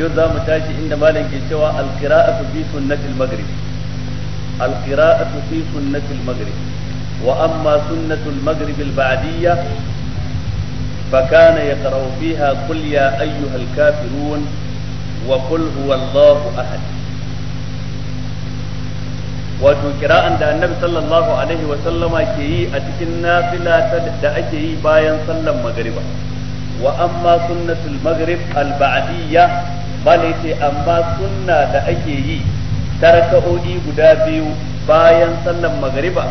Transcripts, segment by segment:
yau za mu tashi inda malam ke cewa alqira'atu fi sunnatil maghrib alqira'atu fi sunnatil maghrib wa amma sunnatul maghrib al ba'diyya فكان يقرأ فيها قل يا أيها الكافرون wa هو الله أحد wato kira'an da annabi sallallahu alaihi wa sallama ke yi a cikin nafila da ake yi bayan sallan magriba wa amma sunnatul maghrib al-ba'diyya bala yace amma sunna da ake yi raka'o'i guda biyu bayan sallan magariba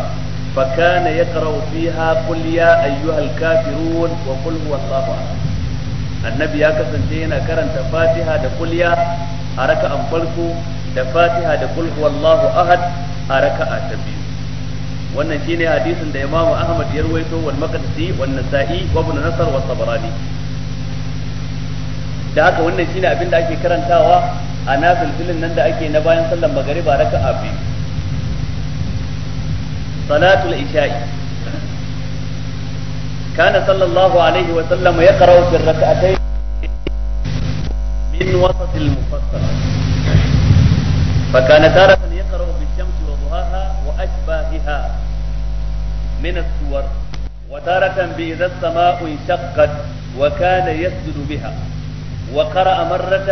fa kana yaqra'u fiha qul ya ayyuhal kafirun wa qul huwallahu annabi ya kasance yana karanta fatiha da kulya a raka'an farko da fatiha da kul Allah ahad a raka'a ta biyu wannan shine hadisin da imamu ahmad ya ruwaito wal maqdisi wan nasa'i wa ibn nasr wa tabarani da haka wannan shine abin da ake karantawa a nafil filin nan da ake na bayan sallan magari ba raka a biyu salatul isha'i kana sallallahu alaihi wa sallam ya qara'u fi rak'atayn min wasat al-mufassal fa kana taratan yaqra'u bi shamsi wa duhaha wa ashbahiha min as-suwar وتارة بإذا السماء انشقت وكان يسجد بها وقرأ مرة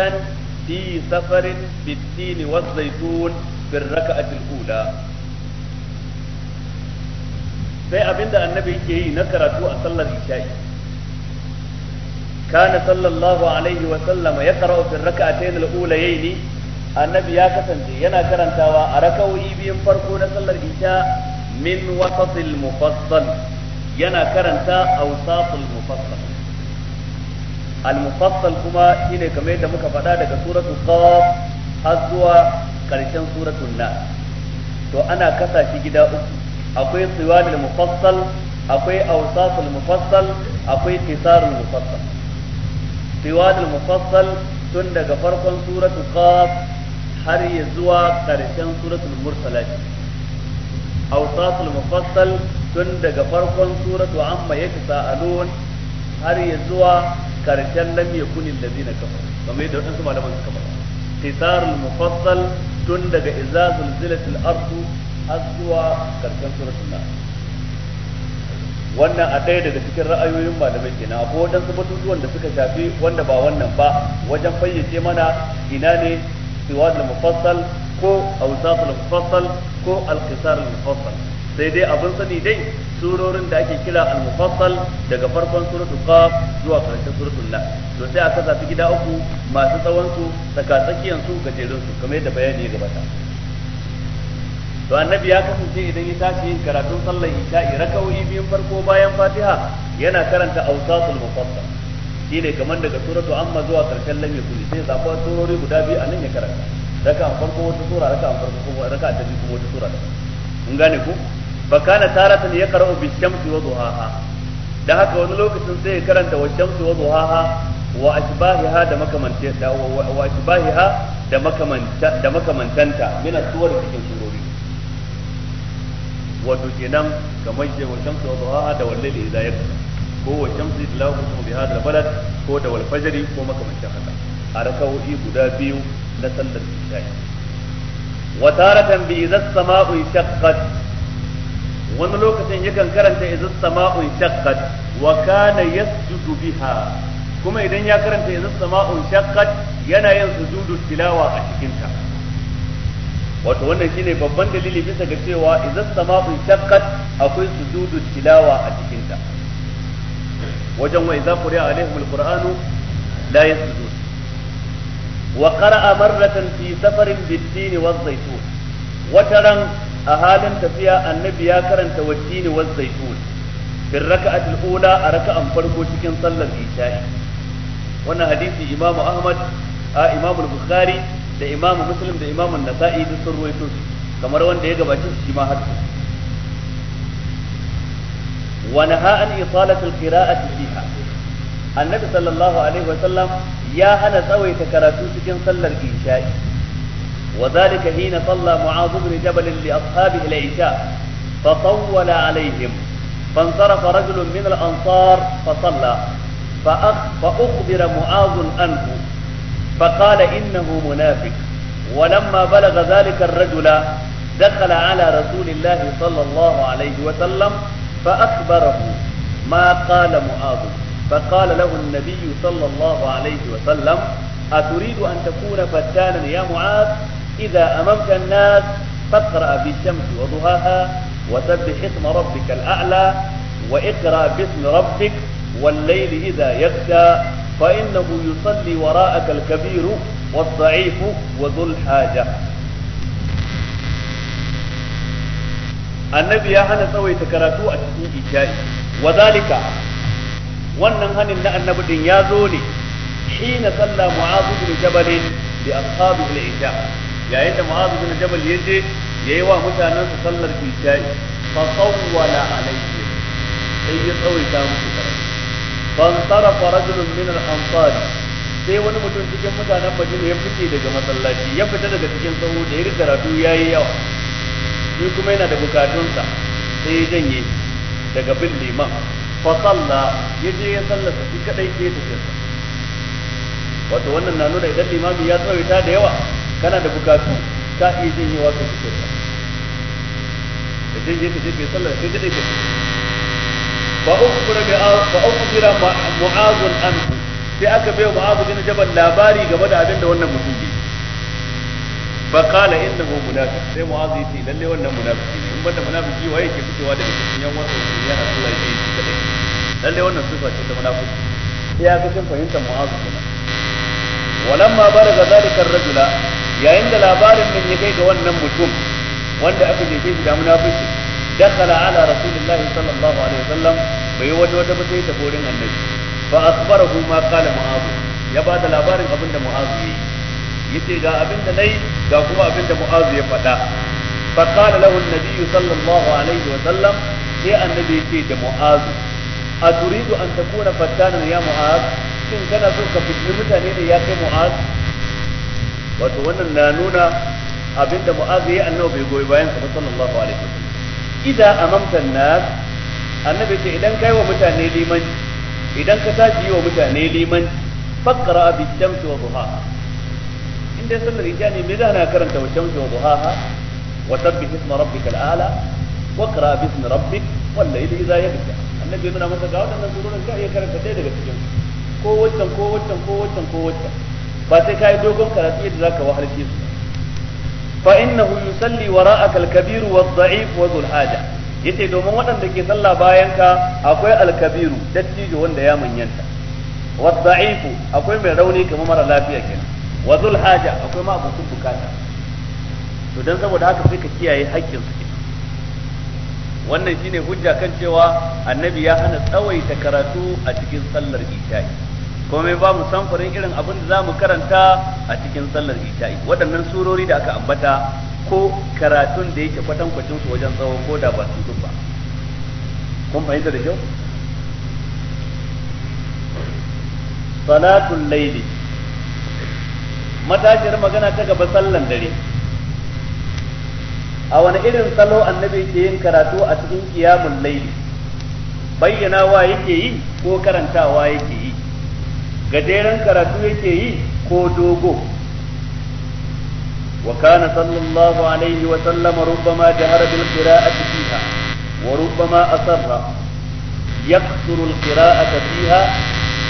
في سفر بالتين والزيتون في الركعة الأولى sai abin da annabi yake yi na karatu a sallar isha'i kana sallallahu alaihi wa sallama ya qara'u fi rak'atayn al-ulayayn annabi ya kasance yana karantawa a raka'o'i biyun farko na sallar isha min wasatil mufassal yana karanta awsatul mufassal al-mufassal kuma shine kamar da muka faɗa daga suratu qaf har zuwa karshen suratul nas to ana kasafi gida uku akwai siwalul mufassal akwai awsaful mufassal akwai qisarul mufassal siwalul mufassal tun daga farkon suratul qaf har ya zuwa karshen suratul mursalat awsaful tun daga farkon suratu amma yake har ya zuwa karshen lam yakun allazina kafaru kamar yadda wadansu malaman suka faɗa qisarul mufassal tun daga idza zulzilatil ardu har zuwa karshen suratul nas wannan a ɗaya daga cikin ra'ayoyin malamai kenan akwai waɗansu batutuwan da suka shafi wanda ba wannan ba wajen fayyace mana ina ne siwadul mufassal ko awsatul mufassal ko alqisarul mufassal sai dai abin sani dai surorin da ake kira al-mufassal daga farkon suratul qaf zuwa karshen suratul la to sai aka sa gida uku masu tsawon su tsakatsakiyan su jerin su kamar yadda bayani ya gabata to annabi ya kasance idan ya tashi yin karatun sallar isha'i raka'o'i biyun farko bayan fatiha yana karanta awsatul mufassal shine kamar daga suratul amma zuwa karshen lamin kulli sai zaba surori guda biyu a nan ya karanta raka'a farko wata sura raka'a farko raka'a ta biyu wata sura Mun gane ku? fakana taratan ya qara'u bi shamsi wa duhaha da haka wani lokacin sai ya karanta wa shamsi wa duhaha wa ashbahiha da makamanta wa ashbahiha da makamanta da makamantanta min suwar cikin surori wato kenan kamar ce wa shamsi wa duhaha da wallahi idza yakta ko wa shamsi da la uqsimu bi hadha balad ko da wal fajri ko makamantan haka a rakawoyi guda biyu na sallar isha'i wa taratan bi idza as-sama'u shaqqat wani lokacin yakan karanta iza sama'u shaqqat wa kana yasjudu biha kuma idan ya karanta iza sama'u shaqqat yana yin sujudu tilawa a cikin ta wato wannan shine babban dalili bisa ga cewa iza sama'u shaqqat akwai sujudu tilawa a cikin ta wajen wa iza quri'a alaihim alqur'anu la yasjudu wa qara'a marratan fi safarin bid-din wa zaytun wataran a halin tafiya annabi ya karanta wattini wa zaitun fi raka'atul ula a raka farko cikin sallar isha'i wannan hadisi Imam Ahmad a Imam Bukhari da Imam Muslim da Imam Nasa'i duk sun ruwaito su kamar wanda ya gabace shi ma har Wani naha an isalatu alqira'ati fiha annabi sallallahu alaihi wa sallam ya hana tsawaita karatu cikin sallar isha'i وذلك حين صلى معاذ بن جبل لأصحابه العشاء فطول عليهم فانصرف رجل من الأنصار فصلى فأخ فأخبر معاذ عنه فقال إنه منافق ولما بلغ ذلك الرجل دخل على رسول الله صلى الله عليه وسلم فأخبره ما قال معاذ فقال له النبي صلى الله عليه وسلم أتريد أن تكون فتانا يا معاذ إذا أمامك الناس فاقرأ بالشمس وضهاها وسبح اسم ربك الأعلى واقرأ باسم ربك والليل إذا يغشى فإنه يصلي وراءك الكبير والضعيف وذو الحاجة النبي هنا سوي تكراتو أشياء وذلك wannan hanin na annabi din ya zo ne shi na salla mu'azu bin jabal bi yayin da ma'azu bin jabal yaje yayi wa mutanen su sallar isha'i fa sawwala alayhi sai ya ta musu karatu ban sarafa rajulun min al-ansar sai wani mutum cikin mutanen Madina ya fice daga masallaci ya fita daga cikin tsawo da ya karatu yayi yawa shi kuma yana da bukatunsa sai ya janye daga bin liman fa salla yaje ya sallata shi kadai ke tafiyarsa wato wannan na nuna idan limami ya tsawaita da yawa kana da bukatu ka iya ka ka janye ka je ka sallah sai ka dai sai aka bai mu'az bin jabal labari game da abin da wannan mutum ke fa qala innahu munafiq sai mu'az yace lalle wannan munafiki ne in banda munafiki waye ke fitowa daga cikin yan wasu yana Allah ya yi kadai lalle wannan sifa ce ta sai fahimtar mu'az kenan walamma baraga zalika ar yayin da labarin nan ya kai ga wannan mutum wanda aka jefe shi da munafiki dakala ala rasulillahi sallallahu alaihi wasallam bai wata wata ba sai taborin annabi fa akhbarahu ma qala mu'az ya ba da labarin abin da mu'az yayi yace ga abin da nayi ga kuma abin da mu'az ya faɗa fa qala lahu an-nabi sallallahu alaihi wasallam sai annabi ce da mu'az aturidu an takuna fattanan ya mu'az shin kana so ka fitni mutane da ya kai mu'az wato wannan na nuna abinda mu'azu ya annabi bai goyi bayan sa sallallahu alaihi wasallam idza amamta nas annabi ce idan kai wa mutane liman idan ka tashi yi wa mutane liman faqra bi shamsi wa duhaha in dai sallar isha ne me zana karanta wa shamsi wa duhaha wa tabbih isma rabbikal a'la wa qra bi ismi rabbik wal layli idza yaghsha annabi nuna masa ga wadannan surorin ka iya karanta ɗaya daga cikin ko wancan ko wancan ko wancan ko wancan. ba sai ka yi dogon karatu yadda zaka wahalce su fa innahu yusalli wara'aka al Kabiru wa dhaif wa dhul haja yace domin waɗanda ke sallah bayan ka akwai Alkabiru dattijo wanda ya manyanta wa dhaif akwai mai rauni kamar mara lafiya kenan wa dhul haja akwai ma abokin bukata to dan saboda haka sai ka kiyaye haƙƙin su wannan shine hujja kan cewa annabi ya hana tsawaita karatu a cikin sallar isha'i komai ba mu samfurin irin abin da za mu karanta a cikin sallar isha'i waɗannan surori da aka ambata ko karatun da yake kwatankwacin su wajen tsawo ko da ba su ba kun fahimta da kyau salatul laili matashiyar magana ta gaba sallan dare a wani irin salo annabi ke yin karatu a cikin kiyamun laili wa yake yi ko karantawa yake gajeren karatu yake yi ko dogo wa kana sallallahu alaihi wa sallama rubbama jahara bil qira'ati fiha wa rubbama asarra yaqsuru al qira'ata fiha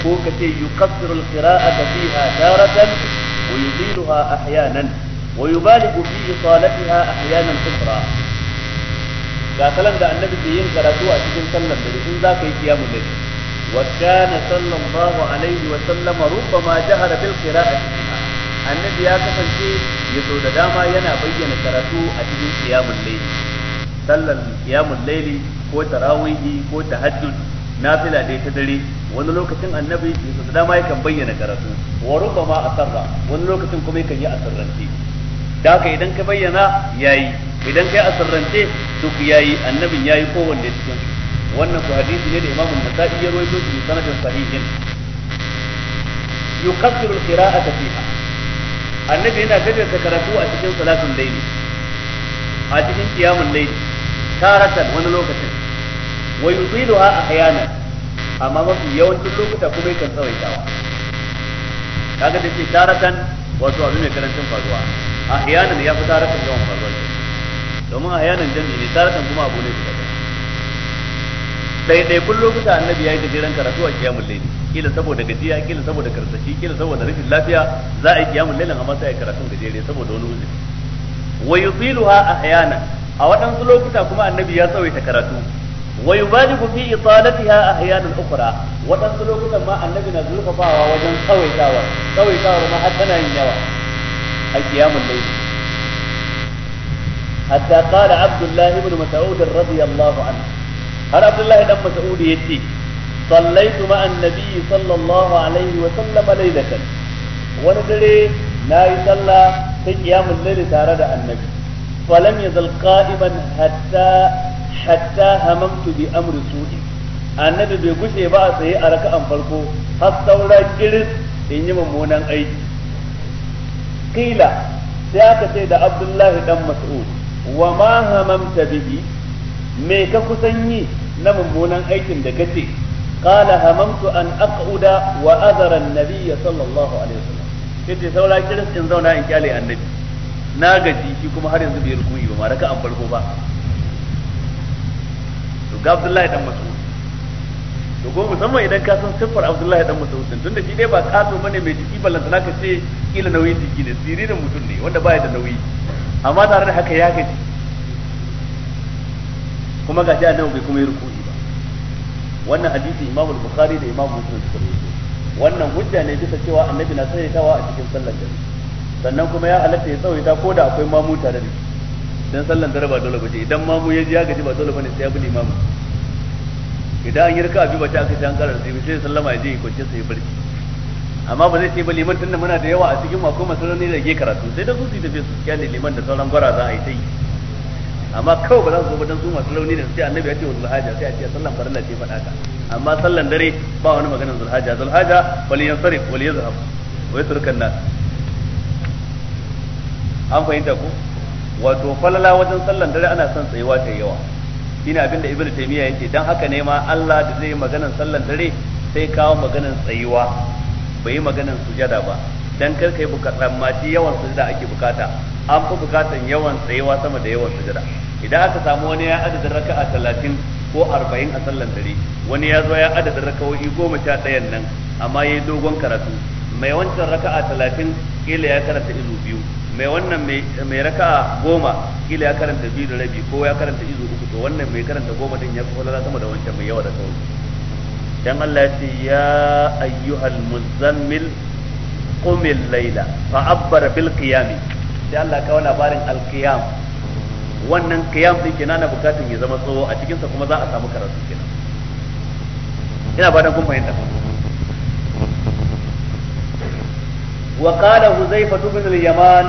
ko kace yuqassiru al qira'ata fiha taratan wa yudiluha ahyanan wa yubaligu fi isalatiha ahyanan ukhra ga kalan da annabi ke yin karatu a cikin sallar da in za ka yi kiyamun dare وكان صلى الله عليه وسلم ربما جهر بالقراءة annabi ya kasance ya zo da dama yana bayyana karatu a cikin qiyamul layl sallan qiyamul layl ko tarawihi ko tahajjud nafila dai ta dare wani lokacin annabi ya so da dama yakan bayyana karatu wa rubama asarra wani lokacin kuma yakan yi asirrance da haka idan ka bayyana yayi idan duk yayi annabin yayi kowanne cikin wannan ku hadisi ne da imamu nasa'i ya rawaito shi sanadin sahihin yukaffiru al-qira'ata fiha annabi yana gajarta karatu a cikin salatun laili a cikin qiyamul laili taratan wani lokacin wa yudiluha ahyana amma mafi yawancin lokuta kuma yakan tsawaitawa kaga da ce taratan wato abu mai karancin faruwa ahyanan ya fi taratan yawan faruwa domin ahyanan jami'i ne taratan kuma abu ne guda ɗaiɗaikun lokuta annabi ya yi gajeren karatu a kiyamun laili kila saboda gajiya kila saboda karsashi kila saboda rashin lafiya za a yi kiyamun lailin amma sai a karatun gajere saboda wani wuzi wa yusiluha ahyana a waɗansu lokuta kuma annabi ya tsawaita karatu wa yubaliku fi italatiha ahyanan ukhra waɗansu lokutan ma annabi na zurfafawa wajen tsawaitawa tsawaitawa ma har tana yin yawa a kiyamun laili hatta qala abdullah ibn mas'ud radiyallahu anhu har abdullahi dan mas'ud yace sallaitu ma annabi sallallahu alaihi wa sallam laylatan wani dare nayi sallah ta qiyamul layl tare da annabi falam yazal qa'iman hatta hatta hamamtu bi amri su'i annabi bai gushe ba a tsaye a raka'an farko har saura kiris in yi mummunan aiki kila sai aka ce da abdullahi dan mas'ud wa ma hamamta bihi me ka kusan yi na mummunan aikin da kace qala hamamtu an aq'uda wa azara an-nabiy sallallahu alaihi wasallam kace saura kiris in zauna in kyale annabi na gaji shi kuma har yanzu bai rukuyi ba maraka an farko ba to ga Abdullahi dan Mas'ud to go musamman idan ka san sifar Abdullahi dan Mas'ud tunda shi dai ba kato bane mai jiki ballantana ka ce kila nauyin jiki ne siririn mutum ne wanda baya da nauyi amma tare da haka ya gaji kuma ga jiya nan bai kuma yi rukuni ba wannan hadisi imamu bukhari da imamu muslim suka rubuta wannan hujja ne bisa cewa annabi na tsayaitawa a cikin sallar dare sannan kuma ya halatta ya tsawaita ko da akwai mamu tare da shi dan sallar dare ba dole bace idan mamu ya ji ya gaji ba dole bane sai ya bi imamu idan an yi raka bi bace aka san karar sai sai sallama ya je kwance sai ya barci amma ba zai ce ba liman tunda muna da yawa a cikin mako ne da ke karatu sai da su su tafi su kyale liman da sauran gwara za a yi ta yi amma kawai ba za su zo ba su masu launi da sai annabi ya ce wa zulhaja sai a ce sallan farilla ce faɗa ka amma sallan dare ba wani maganar zulhaja zulhaja wal yansarif wal yazhab wai surukan nan. an fahimta ku wato falala wajen sallan dare ana son tsayuwa ta yawa shine abinda ibnu taymiya yake dan haka ne ma Allah da zai maganar sallan dare sai kawo maganar tsayuwa bai yi maganar sujada ba dan kar kai bukatan mati yawan sujada ake bukata an fi bukatan yawan tsayewa sama da yawan sujada idan aka samu wani ya adadin raka'a talatin ko arba'in a sallan dare wani ya zo ya adadin raka'o'i goma sha ɗayan nan amma ya yi dogon karatu mai wancan raka'a talatin kila ya karanta izu biyu mai wannan mai raka'a goma kila ya karanta biyu da rabi ko ya karanta izu uku to wannan mai karanta goma din ya kwalala sama da wancan mai yawa da kawai dan Allah ya ce ya ayyuhal muzammil qumil layla fa bil qiyami sai Allah kawo labarin alkiyam wannan kiyam din kenan na bukatun ya zama tsoho a cikinsa kuma za a samu karatu kenan ina fatan kun fahimta wa qala huzaifah ibn al-yaman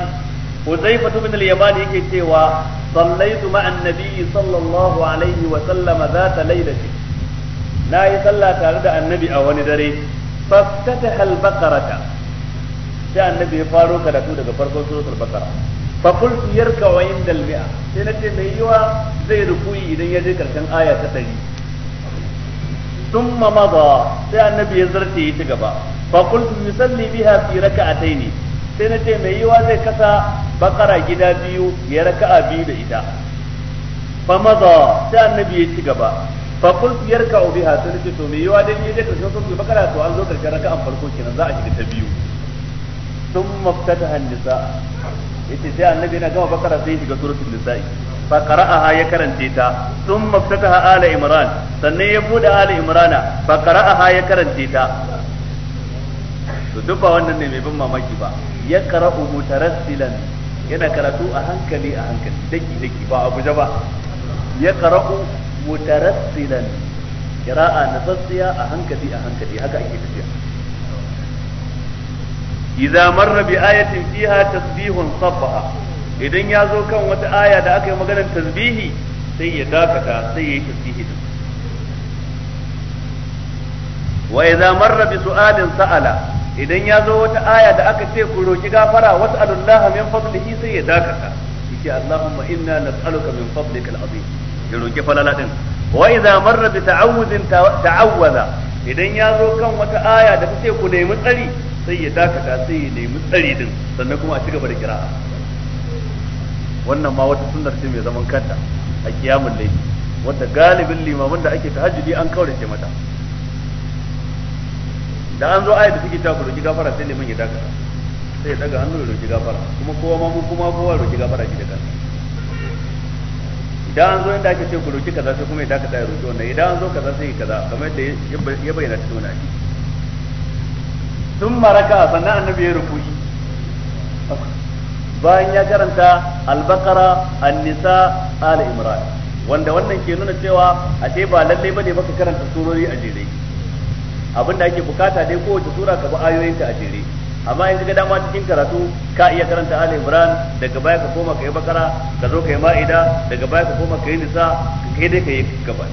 huzaifah ibn al-yaman yake cewa sallaitu ma'an nabiyyi sallallahu alaihi wa sallama zata lailati na yi sallah tare da annabi a wani dare faftataha al-baqarata sai annabi ya faro karatu daga farkon suratul bakara fa qultu yarka wa indal mia sai nace mai yiwa zai rukuyi idan ya je karshen aya ta 100 thumma madha sai annabi ya zarte ya ci gaba fa qultu yusalli biha fi rak'ataini sai nace mai yiwa zai kasa bakara gida biyu ya raka'a biyu da ita fa madha sai annabi ya ci gaba fa qultu yarka'u biha sai nace to mai yiwa dan ya je karshen suratul bakara to an zo karshen raka'an farko kenan za a shiga ta biyu ثم افتتح النساء yace sai annabi yana gama bakara sai shiga suratul nisa'i fa qara'aha ya karance ta Sun ftataha ala imran sannan ya bude ala imrana fa qara'aha ya karance ta to duk ba wannan ne mai ban mamaki ba ya qara'u mutarassilan yana karatu a hankali a hankali daki daki ba abuja ba ya qara'u mutarassilan qira'a nasassiya a hankali a hankali haka ake tafiya idza marra bi ayatin fiha tasbihun sabbaha idan ya zo kan wata aya da aka yi maganar tasbihi sai ya dakata sai ya yi tasbihi din wa idza marra bi su'alin idan ya zo wata aya da aka ce ku gafara was'alullaha min fadlihi sai ya dakata yace allahumma inna nas'aluka min fadlikal azim ya roki wa idan ya zo kan wata aya da ta ku nemi tsari sai ya dakata sai ya nemi tsari din sannan kuma a cigaba da kira'a wannan ma wata sunnar ce mai zaman kanta a kiyamun laifi wadda galibin limamin da ake tahajjudi an ce mata da an zo ayyuka suke ta ku roki gafara sai neman ya dakata sai ya daga hannu ya roki gafara kuma kowa ma mu kuma kowa roki gafara shi da kansa idan an zo inda ake ce ku roki kaza sai kuma ya dakata ya roki wannan idan an zo kaza sai kaza kamar yadda ya bayyana cikin wani ake. sun maraka sannan annabi ya rukuyi bayan ya karanta albakara annisa ala imran wanda wannan ke nuna cewa ashe ba lallai ba ne baka karanta surori a jere abinda ake bukata dai kowace sura ka bi ayoyin ta a jere amma in ga dama cikin karatu ka iya karanta ala Imran daga baya ka koma ka yi bakara ka zo ka yi ma'ida daga baya ka koma ka yi nisa ka kai dai ka yi gaba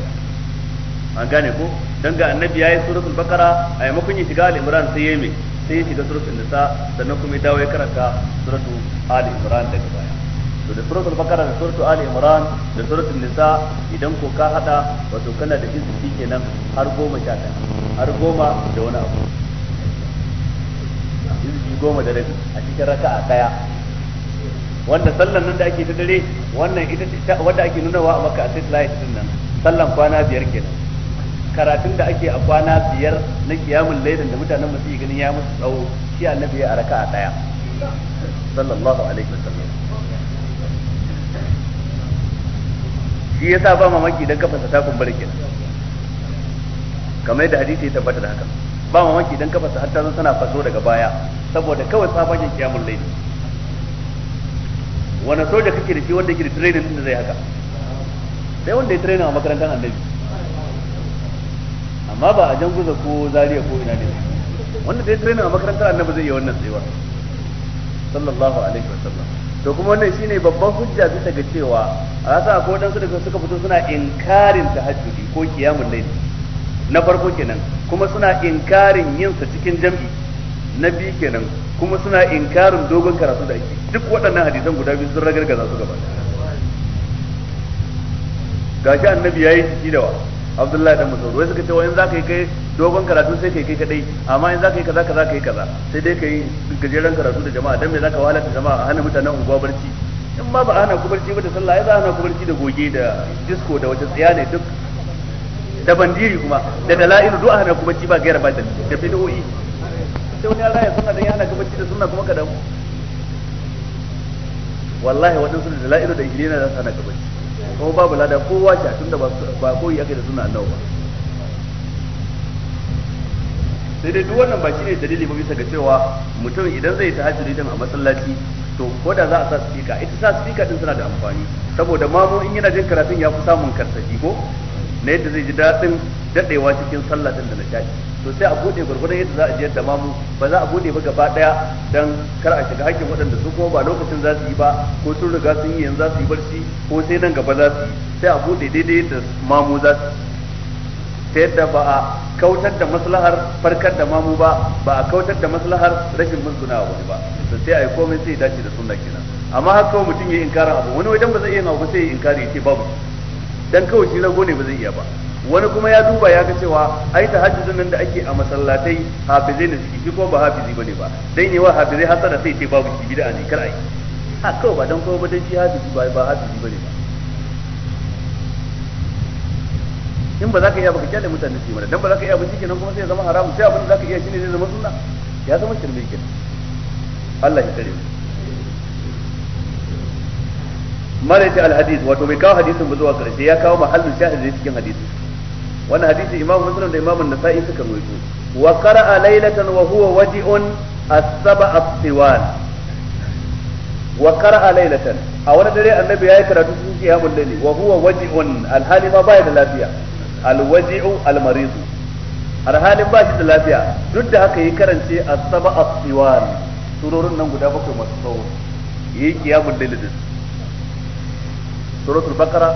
an gane ko dan ga annabi yayi suratul bakara a yamakon ya shiga al-imran sai yayi mai sai ya shiga suratul nisa sannan kuma ya dawo ya karanta suratul ali imran daga baya to da suratul bakara da suratul ali imran da suratul nisa idan ko ka hada wato kana da izini kenan har goma sha ɗaya har goma da wani abu izini goma da rabi a cikin raka'a daya wanda sallan nan da ake ta dare wannan ita wanda ake wa a maka a satellite din nan sallan kwana biyar kenan karatun da ake a kwana biyar na kiyamun laidan da mutanen masu yi ganin ya musu tsawo shi annabi ya araka a daya sallallahu alaihi wasallam shi yasa ba mamaki dan kafa sa kumbura barke kamar yadda hadisi ya tabbata da haka ba mamaki dan kafa sa hatta zo faso daga baya saboda kawai tsabagen kiyamun laidan wani soja kake da shi wanda yake da training din da zai haka sai wanda ya training a makarantar annabi amma ba a janguza ko zariya ko ina ne wanda dai training a makarantar annabi zai yi wannan tsayuwar sallallahu alaihi wasallam to kuma wannan shine babban hujja bisa ga cewa a rasa akwai wadansu da suka fito suna inkarin tahajjudi ko kiyamun layl na farko kenan kuma suna inkarin yin sa cikin jam'i na biyu kenan kuma suna inkarin dogon karatu da ake duk waɗannan hadisan guda biyu sun ragargaza su gaba gashi annabi yayi ciki da wa Abdullahi da Mas'ud wai suka ce wai in zaka yi kai dogon karatu sai kai kai kadai amma in zaka yi kaza kaza kai kaza sai dai kai gajeren karatu da jama'a dan me zaka wahala da jama'a hana mutanen unguwa barci in ma ba hana ku barci ba da sallah ai za hana ku barci da goge da disco da wata tsiya ne duk da bandiri kuma da dala'ilu du'a hana ku barci ba gaira ba da bid'o'i sai wani Allah ya sunna da yana hana ku barci da sunna kuma ka wallahi wadansu da dala'ilu da ilina za su hana ku barci kuma babu lada kowa shi tun ba koyi aka da suna annabi ba sai dai duk wannan ba ne dalili ba bisa ga cewa mutum idan zai ta hajji a masallaci to ko da za a sa speaker ita sa speaker din suna da amfani saboda mamu in yana jin karatun ya fi samun karsashi ko na yadda zai ji daɗin daɗewa cikin sallah din da na shaɗi to sai a bude gurgurdan yadda za a jiyar da mamu ba za a bude ba gaba daya dan kar a shiga hakkin waɗanda su kuma ba lokacin za su yi ba ko sun riga sun yi yanzu za su yi barci ko sai nan gaba za su yi sai a bude daidai da mamu za su ta yadda ba a kautar da maslahar farkar da mamu ba ba a kautar da maslahar rashin musguna wani ba to sai a yi komai sai dace da sunna kenan amma haka kawai mutum ya inkara abu wani wajen ba zai iya abu sai ya inkari ya ce babu dan kawai shi rago ne ba zai iya ba wani kuma ya duba ya ga cewa ai tahajjudun nan da ake a masallatai hafizai ne suke shi ko ba hafizi bane ba dan yawa hafizai hasara sai ce babu shi bid'a ne kar ai ha kawai ba dan kawai ba dan shi hafizi ba ba hafizi bane ba in ba za ka iya ba ka kyale mutane su yi mana dan ba za ka iya ba kenan kuma sai ya zama haramu sai abin da za ka iya shine zai zama sunna ya zama shirme kenan Allah ya kare mu mara yace alhadis wato mai kawo hadisin ba zuwa karshe ya kawo mahallin shahid cikin hadisin Wani hadisi imam muslim da imam nasa'i suka rawaito wa qara'a laylatan wa huwa waji'un as-sab'a as-siwan wa qara'a laylatan a wani dare annabi yayi karatu cikin qiyamul layli wa huwa waji'un alhali ma baya da lafiya alwaji'u almarid alhalin ba shi da lafiya duk da haka yi karance as-sab'a as-siwan surorin nan guda bakwai masu tsawo yi qiyamul layli suratul baqara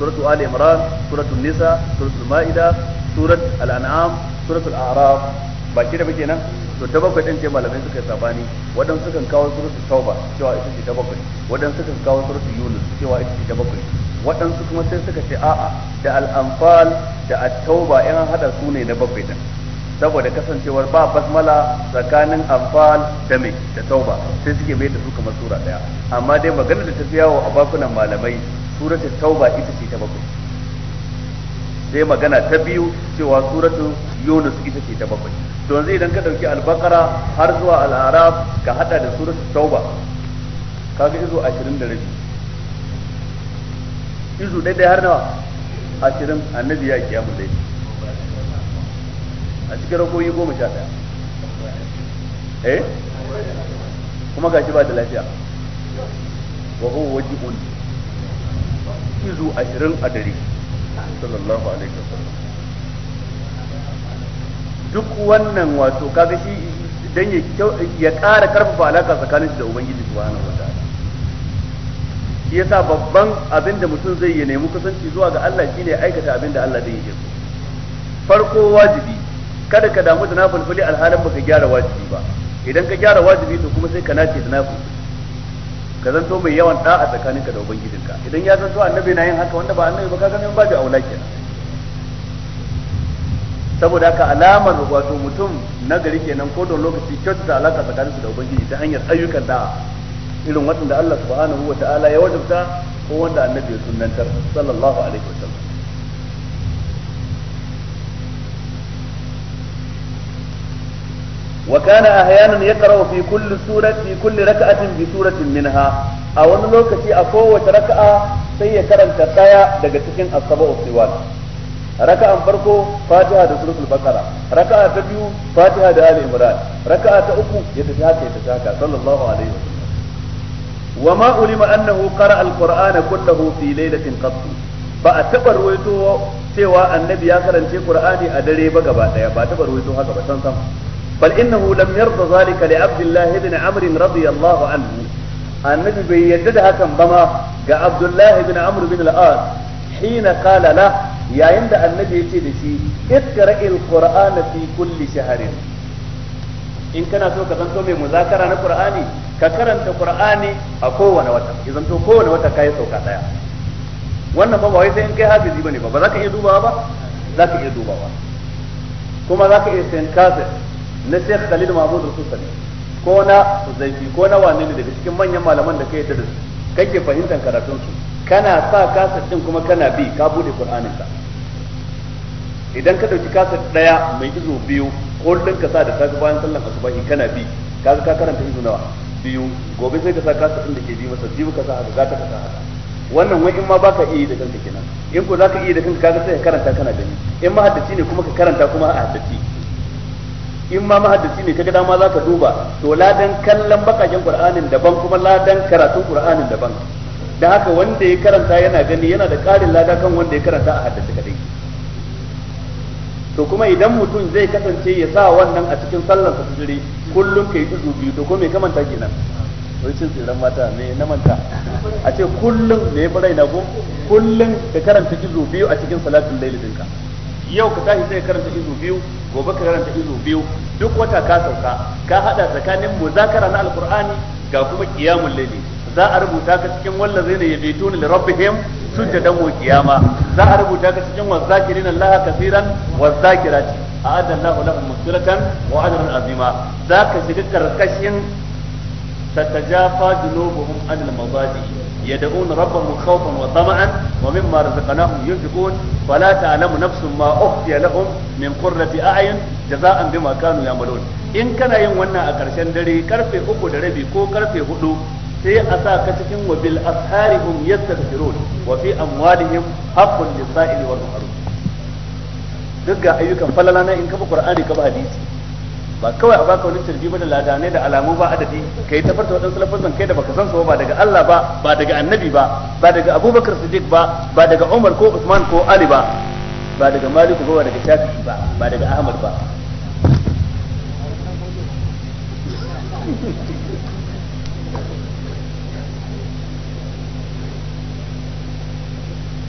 suratu ali imran suratu nisa suratu maida surat al-an'am suratu al-a'raf ba ki da muke nan to ta bakwai din ce malamai suka sabani wadan sukan kawo suratu tauba cewa ita ce ta bakwai wadan sukan kawo suratu yunus cewa ita ce ta bakwai waɗansu kuma sai suka ce a'a da al-anfal da at-tauba in an hada su ne na bakwai din saboda kasancewar ba basmala tsakanin amfal da mai da tauba sai suke mai da su kamar sura daya amma dai maganar da ta fi yawo a bakunan malamai suratul tauba ita ce ta bakwai sai magana ta biyu cewa suratul yunus ita ce ta bakwai to yanzu idan ka dauki al-baqara har zuwa al-araf ka hada da suratul tauba kaga izo 20 da rabi izo dai dai har nawa 20 annabi ya kiyamu dai a cikin rakoyi goma sha ɗaya eh kuma gashi ba da lafiya wa huwa wajibun izu ashirin a dare sallallahu alaihi wasallam duk wannan wato kaga shi dan ya ƙara karfafa alaka tsakanin shi da ubangiji subhanahu wataala shi yasa babban abin da mutum zai yi nemi kusanci zuwa ga Allah shine aikata abin da Allah zai yi farko wajibi kada ka damu da nafilfili alhalin baka gyara wajibi ba idan ka gyara wajibi to kuma sai ka nace da nafilfili ka zanto mai yawan da'a tsakaninka da ubangijinka idan ya zanto annabi na yin haka wanda ba annabi ba ka gani ba da aula kenan saboda haka alamar wato mutum na gari kenan ko don lokaci kyautata alaka tsakaninsu da ubangiji ta hanyar ayyukan da'a irin wanda Allah subhanahu wa ta'ala ya wajabta ko wanda annabi ya sunnantar sallallahu alaihi wasallam وكان احيانا يقرا في كل سوره في كل ركعه بسوره منها a wani lokaci a kowace raka'a sai ya karanta daya daga cikin asaba usiwal raka'an farko fatiha da suratul bakara raka'a ta biyu fatiha da ali imran raka'a ta uku ya tafi haka ya tafi haka sallallahu alaihi wasallam wa ma ulima annahu qara alqur'ana kullahu fi laylatin qat ba a taba ruwaito cewa annabi ya karance ƙur'ani a dare ba gaba ba taba ruwaito haka ba san san bal innahu lam yarda zalika li abdullah ibn amr radiyallahu anhu annabi bai yadda da hakan ba ma ga abdullah ibn amr bin al-as hina qala yayin da annabi ce da shi iqra'il qur'ana fi kulli shahrin in kana so ka zanto mai muzakara na qur'ani ka karanta qur'ani a kowane wata ya zanto kowane wata kai sauka daya wannan ba wai sai in kai hafizi bane ba ba za ka iya dubawa ba za ka iya dubawa kuma za ka iya sayan kafir na Sheikh Khalid Mahmud Rusufani ko na Zaifi ko na wane ne daga cikin manyan malaman da kai da su kake fahimtar karatun su kana sa kasar din kuma kana bi ka bude Qur'anin ka idan ka dauki kasar daya mai izo biyu din ka sa da safi bayan sallan in kana bi kaga ka karanta izo nawa biyu gobe sai ka sa kasar din da ke bi masa biyu ka sa haka gata ka sa haka wannan wai in ma baka iya da kanka kenan in ko zaka iya da kanka kaga sai ka karanta kana gani in ma haddaci ne kuma ka karanta kuma a haddaci in ma mahaddisi ne kaga dama zaka duba to ladan kallon bakajin qur'anin daban kuma ladan karatun qur'anin daban da haka wanda ya karanta yana gani yana da karin lada kan wanda ya karanta a haddace kadai to kuma idan mutum zai kasance ya sa wannan a cikin sallar sa tujiri kullum kai izu biyu to ko me kamanta kenan wai cin tsiran mata me na manta a ce kullum me ya raina na ko kullum ka karanta izu biyu a cikin salatin lailin ka yau ka tashi sai karanta izu biyu gobe ka karanta izu biyu duk wata ka sauka ka hada tsakanin muzakara na alqur'ani ga kuma qiyamul layli za a rubuta ka cikin wallazina yabituna li rabbihim sujadan wa qiyama za a rubuta ka cikin wazakirin Allah kaseeran wazakirati a'adda Allah lahum maghfiratan wa ajran azima za ka shiga karkashin tatajafa junubuhum anil madaji yad'un rabbahum khawfan wa tama'an wa mimma razaqnahum yunfiqun fala ta'lamu nafsun ma ukhfiya lahum min qurrati a'yun jaza'an bima kanu ya'malun in kana yin wannan a karshen dare karfe uku da rabi ko karfe hudu sai a sa ka cikin wa bil asharihum yastaghfirun wa fi amwalihim haqqun lis-sa'ili wal mahrum duk ga ayyukan falala na in ka kur'ani qur'ani ka bi hadisi ba kawai a baka wani tarbi ba da ladane da alamu ba adadi kai ta farta wadansu lafazan kai da baka san su ba daga Allah ba ba daga annabi ba ba daga Abubakar Siddiq ba ba daga Umar ko Usman ko Ali ba ba daga maliku ba ba daga Shafi'i ba ba daga Ahmad ba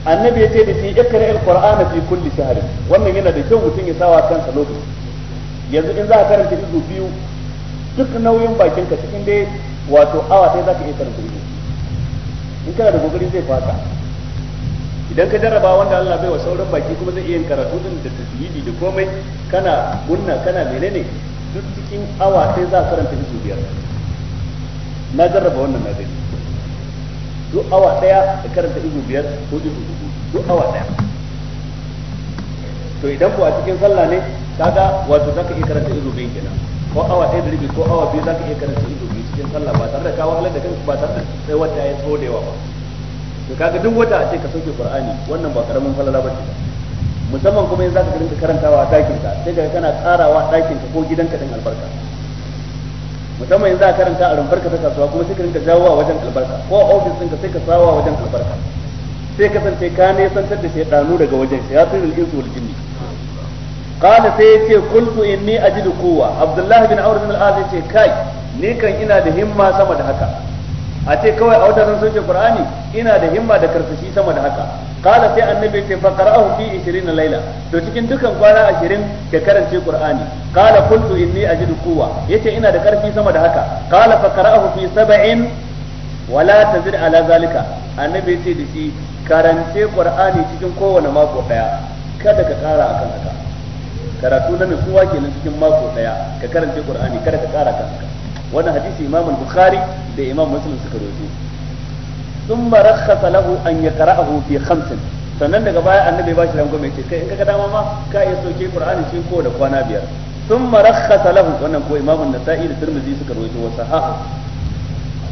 annabi ya ce da shi ikra al-qur'ana fi kulli shahr wannan yana da kyau mutun ya sawa kansa lokaci yanzu in za ka karanta izu biyu duk nauyin bakin ka cikin dai wato awa sai za ka iya karanta izu in kana da gogari zai faka idan ka jarraba wanda Allah bai wa sauran baki kuma zai iya yin karatu din da tasbihi da komai kana gunna kana menene duk cikin awa sai za ka karanta izu biyar na jarraba wannan na gani duk awa daya da karanta izu biyar ko izu duk awa daya to idan ku a cikin sallah ne kaga wato zaka iya karanta izo bai kenan ko awa ɗaya da rabi ko awa biyu zaka iya karanta izo bai cikin sallah ba tare da kawo halar da kanka ba tare da sai wata ya tso da yawa ba to kaga duk wata a ce ka sauke qur'ani wannan ba karamin falala ba ce musamman kuma yanzu zaka dinga karantawa a ɗakin ka sai ga kana karawa ɗakin ka ko gidanka din albarka musamman yanzu a karanta a rumfarka ta kasuwa kuma sai ka dinga a wajen albarka ko a ofis ɗinka sai ka sawa wajen albarka sai kasance ka ne santar da shaidanu daga wajen shayatunul insu wal jinni qala sai ya ce yace qultu inni ajidu quwwa abdullahi bin amr bin al-az yace kai ni kan ina da himma sama da haka a ce kawai a wata soke qur'ani ina da himma da karsashi sama da haka qala sai ce yace a qara'ahu fi na layla to cikin dukan kwana 20 ka karance in ni qultu inni kowa. Ya ce ina da karfi sama da haka qala fa a fi saba'in wala ta tazid ala zalika annabi ce da shi karance qur'ani cikin kowane mako daya kada ka kara akan haka karatu na nutsuwa kenan cikin mako daya ka karanta qur'ani kada ka kara ka wannan hadisi imam bukhari da imam muslim suka rawaito thumma rakhasa lahu an yaqra'ahu fi khamsin sannan daga baya annabi ba shi rangwame ce kai in ka dama ma ka iya soke qur'ani cikin ko da kwana biyar thumma rakhasa lahu wannan ko imam an-nasa'i da tirmidhi suka rawaito wa sahaha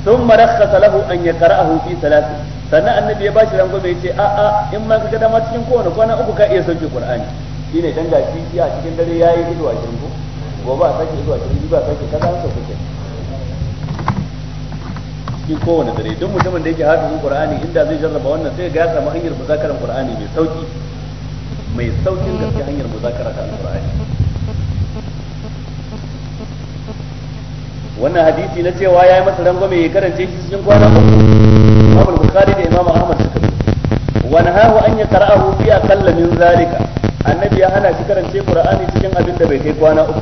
thumma rakhasa lahu an yaqra'ahu fi salatin sannan annabi ya ba shi rangwame ce a a in ma ka dama cikin kowane kwana uku ka iya soke qur'ani shine dan gashi shi a cikin dare yi ido a shirku gobe a sake ido a shirku ba sake kaza sa kuke shi kowane dare duk mutumin da yake hadisin qur'ani inda zai jarraba wannan sai ga ya samu hanyar muzakaran qur'ani mai sauki mai saukin gaske hanyar muzakarar ta alqur'ani wannan hadisi na cewa yayi masa rangwame ya karance shi cikin kwana uku Imam Bukhari da Imam Ahmad suka yi wani nahahu an yaqra'ahu fi aqall min zalika annabi ya hana shi karance qur'ani cikin abin da bai kai kwana uku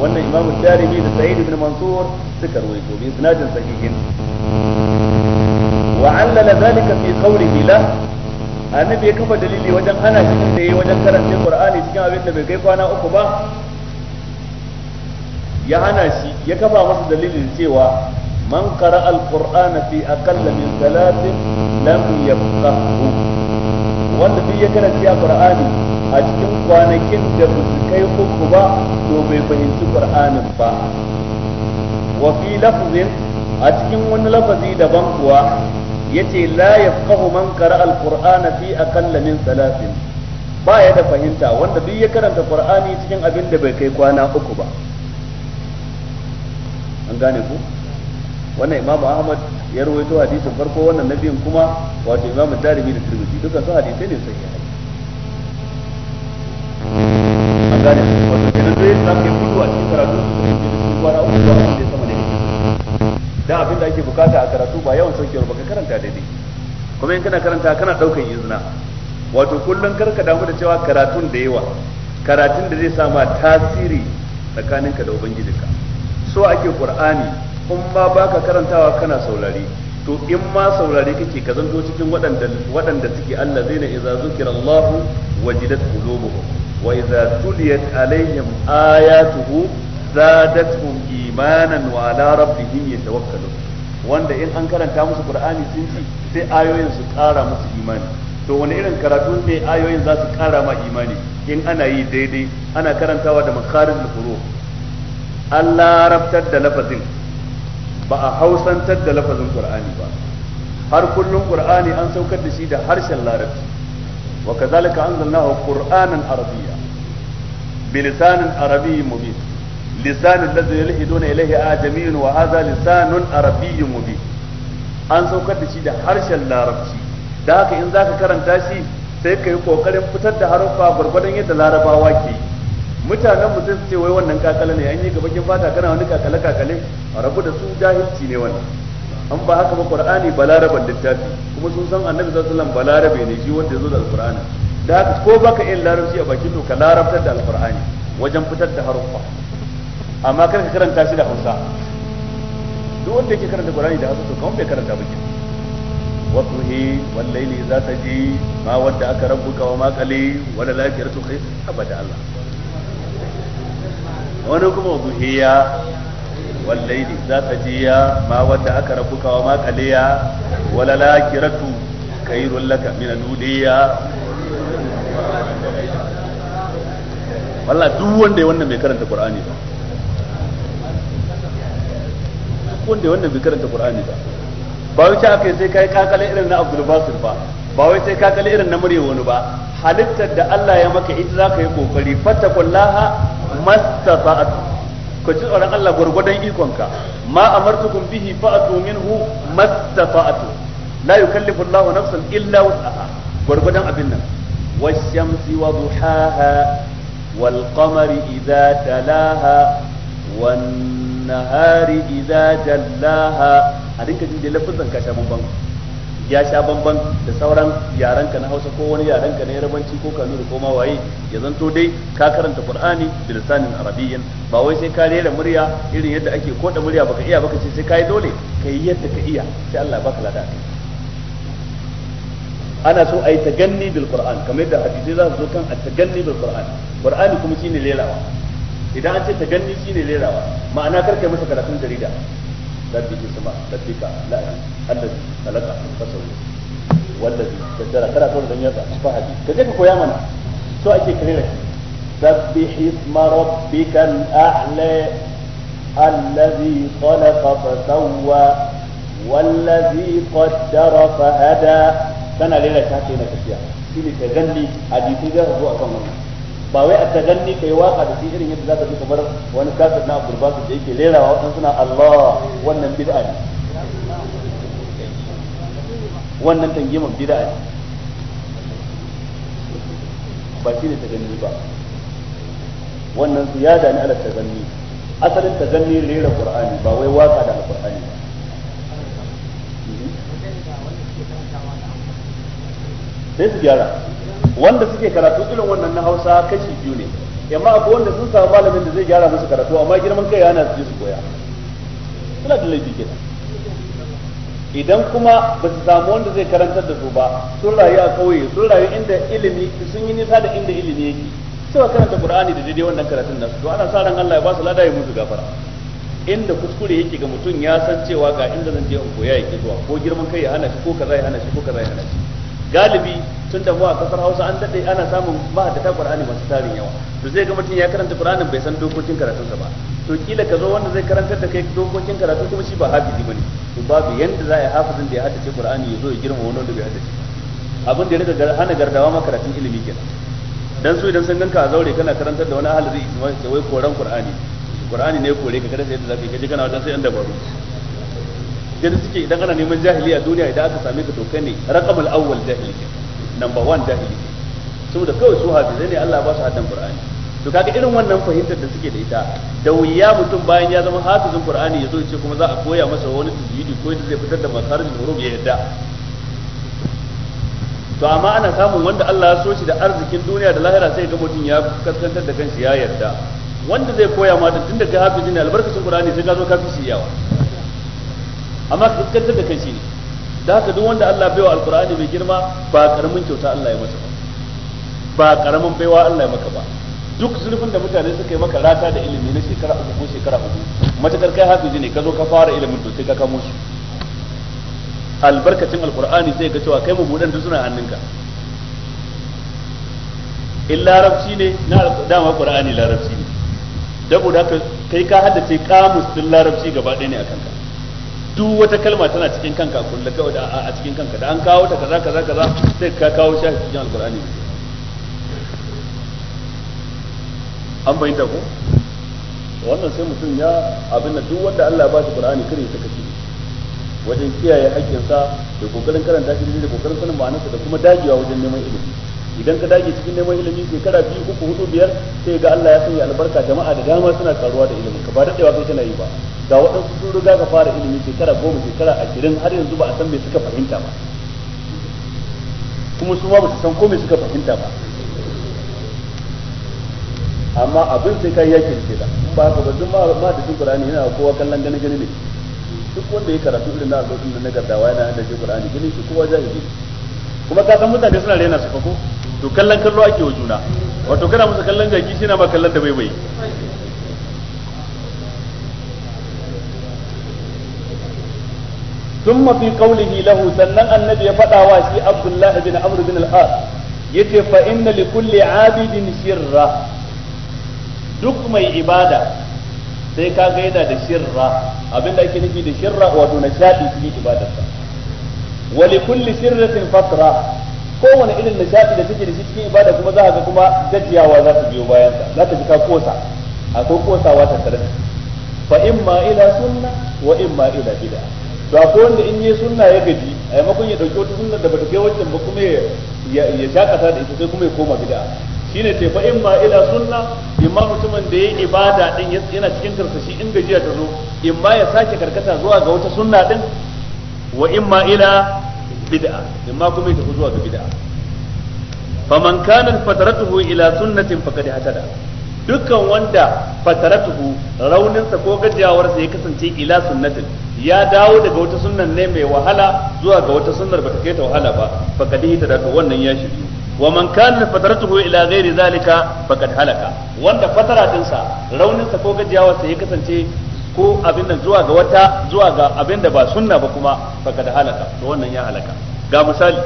wannan imamu darimi da sa'id ibn mansur suka rawaito bi sanadin sahihin wa allala zalika fi qawlihi la annabi ya kafa dalili wajen hana shi da yayi wajen karance qur'ani cikin abin da bai kai kwana uku ba ya hana shi ya kafa masa dalilin cewa man qara'a al-qur'ana fi aqalla min thalathin lam yafqahu wanda duk ya karanta Qur'ani a cikin kwanakin da ba su kai uku ba to bai fahimci Qur'anin ba wa fi lafzin a cikin wani lafazi daban kuwa yace la yafqahu man qara'a al-Qur'ana fi aqalla min ba ya da fahimta wanda duk ya karanta Qur'ani cikin abin da bai kai kwana uku ba an gane ku wannan imam ahmad ya rawaito hadisin farko wannan nabiyin kuma wato imam darimi da tirmidhi dukkan su hadisai ne sahihai an gane wato kenan zai samu ya fito a cikin karatu su kwana uku zuwa abin da ya sama ne da abin da ake bukata a karatu ba yawan ba baka karanta daidai kuma in kana karanta kana daukan yizna wato kullum karka damu da cewa karatun da yawa karatun da zai sama tasiri tsakaninka da ubangijinka so ake qur'ani in ma baka karantawa kana saurari to in ma saurari kake ka zanto cikin waɗanda waɗanda suke Allah na idza zukira Allah wajidat qulubuhum wa idza tuliyat alaihim ayatuhu zadatuhum imanan wa ala rabbihim yatawakkalun wanda in an karanta musu Qur'ani sun ji sai ayoyin su ƙara musu imani to wani irin karatu ne ayoyin za su ƙara ma imani in ana yi daidai ana karantawa da makharijul furu Allah rabtar da lafazin ba a hausantar da lafazin qur'ani ba har kullum qur'ani an saukar da shi da harshen larabci wa kazalika anzalnahu qur'anan arabiyya bilisanin arabiyyi mubin lisan alladhi yalhiduna a jami'in wa hadha lisanun arabiyyun mubin an saukar da shi da harshen larabci da haka in zaka karanta shi sai yi kokarin fitar da haruffa gurgurdan yadda larabawa ke yi mutanen mu sai su ce wai wannan kakala ne an yi ga bakin fata kana wani kakale kakale a rabu da su jahilci ne wannan an ba haka ba qur'ani balaraban littafi kuma sun san annabi sallallahu alaihi wasallam balarabe ne shi wanda ya da alqur'ani da haka ko baka yin larabci a bakin to ka larabtar da alqur'ani wajen fitar da haruffa amma kar ka karanta shi da Hausa duk wanda yake karanta qur'ani da Hausa to kawai bai karanta ta kenan ma والليل aka سجي ما ودعك ربك وما قلي وللآخرة khayr abada Allah. wani kuma wallahi ne za ka ya? ma wanda aka rabuka wa ma qaliya wala lakiratu khairul laka min aludiya wallahi duk wanda ya wannan mai karanta qur'ani ba duk wanda ya wannan mai karanta qur'ani ba ba wai ta sai kai kakale irin na Abdul Basir ba ba wai sai kakale irin na Maryam wani ba halittar da Allah ya maka ita za zaka yi kokari fattakullaha mastata'at ku ji tsoron Allah gurgurdan ikonka ma amartukum bihi fa'atu minhu mastata'atu la yukallifu Allahu nafsan illa wus'aha gurgurdan abin nan wa والشمس وضحاها والقمر إذا تلاها والنهار إذا جلاها هذه كجندي لفظا mun بانك ya sha bamban da sauran yarenka na Hausa ko wani yarenka na Yarabanci ko Kanuri ko ma waye ya zanto dai ka karanta Qur'ani da lisanin Arabiyyin ba wai sai ka rera murya irin yadda ake koda murya baka iya baka ce sai kai dole kai yadda ka iya sai Allah baka lada ana so a yi taganni bil Qur'an kamar yadda hadisi za su zo kan at-taganni bil Qur'an Qur'ani kuma shine lelawa idan an ce taganni shine lelawa ma'ana karkai masa karatun jarida سبح اسم ربك الاعلى الذي خلق فسوى والذي قدر كلا كون دنيا فهدي كذا كويا منا سو اكي كريره سبح اسم ربك الاعلى الذي خلق فسوى والذي قدر فهدى سنة ليلة شاكي نكسيا سيدي تغني حديثي ده هو أكون ba wai a taganni kai waka da shi irin yadda zaka ji kamar wani kasar na Abdul Basit da yake wa wannan suna Allah wannan bid'a ne wannan tangimin bid'a ne ba shi ne taganni ba wannan su da ni ala taganni asalin taganni rera Qur'ani ba wai waka da qurani ba mhm. sai su gyara wanda suke karatu irin wannan na Hausa kashi biyu ne amma akwai wanda sun samu malamin da zai gyara musu karatu amma girman kai yana su je koya suna da laifi kenan idan kuma ba su samu wanda zai karantar da su ba sun rayu a kauye sun rayu inda ilimi sun yi nisa da inda ilimi yake suka karanta qur'ani da daidai wannan karatun nasu to ana sa ran Allah ya ba su lada ya musu gafara inda kuskure yake ga mutum ya san cewa ga inda zan je in koya yake zuwa ko girman kai ya hana shi ko kaza ya hana shi ko kaza ya hana shi galibi tun da mu kasar Hausa an daɗe ana samun ta Qur'ani masu tarin yawa to zai ga mutum ya karanta Qur'anin bai san dokokin karatunsa ba to kila ka zo wanda zai karantar da kai dokokin karatu kuma shi ba hafizi bane to babu yanda za a yi hafizin da ya haddace Qur'ani ya zo ya girma wani wanda bai haddace abin da ya riga hana gardawa ma karatun ilimi kenan dan su idan sun ganka a zaure kana karantar da wani ahli zai ce wai koran Qur'ani Qur'ani ne kore ka kada sai yadda zaka yi kaje kana wajen sai an dabaru gani suke idan ana neman jahili a duniya idan aka same ka doka ne raqamul awwal jahili number 1 jahili saboda kawai su hafizai ne Allah ba su haddan Qur'ani to kaga irin wannan fahimtar da suke da ita da wuya mutum bayan ya zama hafizin Qur'ani ya zo ce kuma za a koya masa wani tajwidi ko yadda zai fitar da makarin hurub ya yadda to amma ana samun wanda Allah ya so shi da arzikin duniya da lahira sai ga mutum ya kaskantar da kanshi ya yarda wanda zai koya ma tun da ka hafizin ne albarkacin Qur'ani sai ka zo ka fi shi yawa amma ka kaskantar da kai shi ne da haka duk wanda Allah baiwa alkur'ani mai girma ba karamin kyauta Allah ya masa ba ba karamin baiwa Allah ya maka ba duk zurfin da mutane suka yi maka rata da ilimi na shekara uku ko shekara uku matakar kai hafizi ne ka zo ka fara ilimin to sai ka kamo shi albarkacin alkur'ani sai ga cewa kai mu budan duk suna hannunka in larabci ne na dama qur'ani larabci ne da kai ka haddace kamus din larabci gaba ɗaya ne a kanka duk wata kalma tana cikin kanka kullu kawai a cikin kanka da an kawo ta kaza kaza kaza sai ka kawo shi cikin alqur'ani an bayyana ko wannan sai mutum ya abin da duk wanda Allah ba shi Qur'ani kare ya saka shi wajen kiyaye haƙƙinsa da kokarin karanta shi da kokarin sanin ma'anarsa da kuma dagewa wajen neman ilimi idan ka dage cikin neman ilimi shekara biyu uku hudu biyar sai ga Allah ya sanya albarka jama'a da dama suna karuwa da ilimin ka ba cewa kai kana yi ba ga waɗansu sun riga ka fara ilimi shekara goma shekara ashirin har yanzu ba a san me suka fahimta ba kuma su ma ba su san komai me suka fahimta ba amma abin sai kai ya ce da ba ka ba duk ma da cikin Qur'ani yana kowa kallon gani gani ne duk wanda ya karatu irin na lokacin da na gardawa yana da Qur'ani gani shi kowa jahili kuma ka san mutane suna rena su fa ko to kallon kallo ake wa juna wato kana masa kallon jaki shi na ba kallon da bai bai ثم في قوله له سنن النبي فدا واشي عبد الله بن عمرو بن العاص yace fa inna li kulli abidin shirra duk mai ibada sai ka ga yana da shirra abinda ake nufi da shirra wato nashadi cikin ibadarsa wa li kulli shirratin fatra kowane irin nishadi da take da shi cikin ibada kuma za a ga kuma gajiyawa za ta biyo bayan sa za ta ji ka kosa akwai kosawa ta tare da fa imma ila sunna wa imma ila bid'a to akwai wanda in yi sunna ya gaji a maimakon ya dauki wata sunna da bata kai wancan ba kuma ya shakata da ita sai kuma ya koma bid'a shine ce fa imma ila sunna imma mutumin da yayi ibada din yana cikin karsashi in gajiya ta zo imma ya sake karkata zuwa ga wata sunna din wa imma ila bid'a ma kuma ya tafi zuwa ga bid'a faman kana fataratuhu ila sunnatin faqad hatada dukkan wanda fataratuhu sa ko sa ya kasance ila sunnatin ya dawo daga wata sunnan ne mai wahala zuwa ga wata sunnar bata kai ta wahala ba faqad hita da wannan ya shi wa man kana fataratuhu ila ghairi zalika faqad halaka wanda sa raunin sa ko sa ya kasance ko abin nan zuwa ga wata zuwa ga abin da ba sunna ba kuma baka da halaka to wannan ya halaka ga misali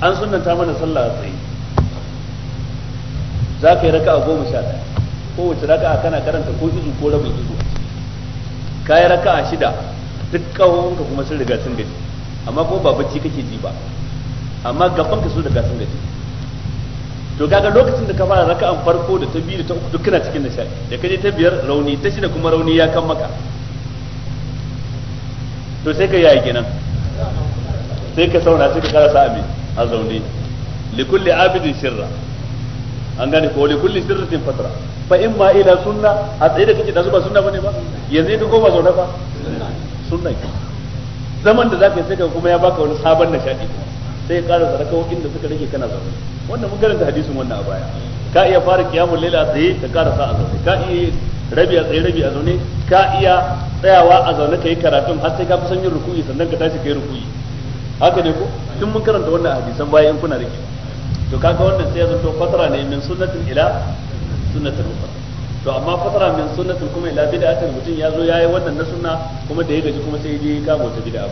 an sunnanta mana sallah a tsaye za ka yi raka'a goma sha ɗaya kowace raka'a kana karanta ko izu ko rabin izu ka yi raka'a shida duk kawonka kuma sun riga sun gaji amma ko ba bacci kake ji ba amma gaban ka sun riga sun gaji to kaga lokacin da ka fara raka'an farko da ta biyu da ta uku duk kana cikin nishadi da kaje ta biyar rauni ta shida kuma rauni ya kan maka to sai ka yi yaya nan sai ka sauna sai ka kara sa abin a zaune li kulli abidin shirra an gane ko li kulli sirratin fatra fa in ma ila sunna a tsaye da kake da zuba sunna bane ba yanzu ka koma zaune ba sunna zaman da zaka yi sai ka kuma ya baka wani sabon nishadi sai ya ƙara sarakawokin da suka rage kana zaune wannan mun karanta hadisin wannan a baya ka iya fara kiyamun laila tsaye ka ƙara sa a zaune ka iya rabi a tsaye rabi a zaune ka iya tsayawa a zaune ka yi karatun har sai ka fi sanyin rukuyi sannan ka tashi kai rukuyi haka ne ko tun mun karanta wannan hadisan baya in kuna rike to kaga wannan sai ya zanto fatara ne min sunnatin ila sunnatin ukhra to amma fatara min sunnatin kuma ila bid'atin mutum ya zo yayi wannan na sunna kuma da ya gaji kuma sai ya je ya kama wata bid'a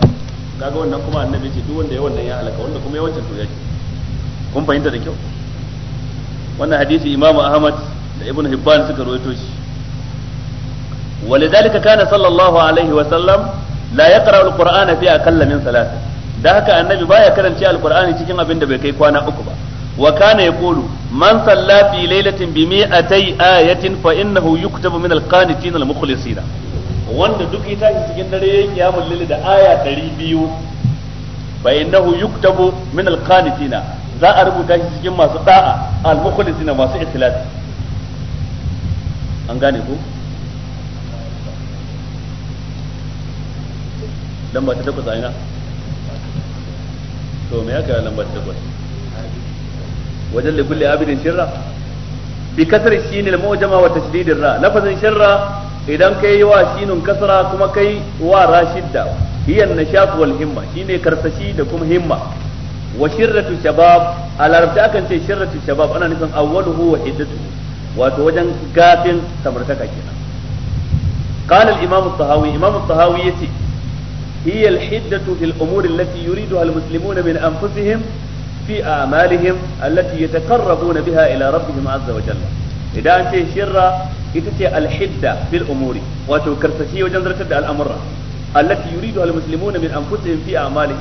kaga wannan kuma annabi ce duk wanda ya wannan ya halaka wanda kuma yawancin to yake kun fahimta da kyau wannan hadisi Imam Ahmad da Ibn Hibban suka rawaito shi ولذلك كان صلى الله عليه وسلم لا يقرأ القرآن في أقل من ثلاثة da haka annabi baya karanci alqur'ani cikin abin da bai kai kwana uku ba wa kana yaqulu man salla fi lailatin bi mi'atay ayatin fa innahu yuktabu min alqanitin almukhlisina wanda duk ita tashi cikin dare yayin kiyamul lili da aya 200 fa innahu yuktabu min alqanitina za a rubuta shi cikin masu da'a almukhlisina masu ikhlas an gane ko lamba ta takwas a to me ya kai lamba ta takwas wajen da kulle abidin shirra bi kasar shi ne al jama'a wa tashdidir ra lafazin shirra idan kai wa shinun kasra kuma kai wa rashidda hiya nashaq wal himma shine karsashi da kuma himma wa shirratu shabab a larabta akan ce shirratu shabab ana nufin awwaluhu wa hiddatuhu wato wajen gafin samartaka kenan قال الإمام الطهاوي إمام الطهاوي يتي هي الحدة في الأمور التي يريدها المسلمون من أنفسهم في أعمالهم التي يتقربون بها إلى ربهم عز وجل إذا أنت شرة ita ce alhidda fil umuri wato karsashi wajen zartar da al'amura allati yuridu almuslimuna min anfusihim fi a'malihim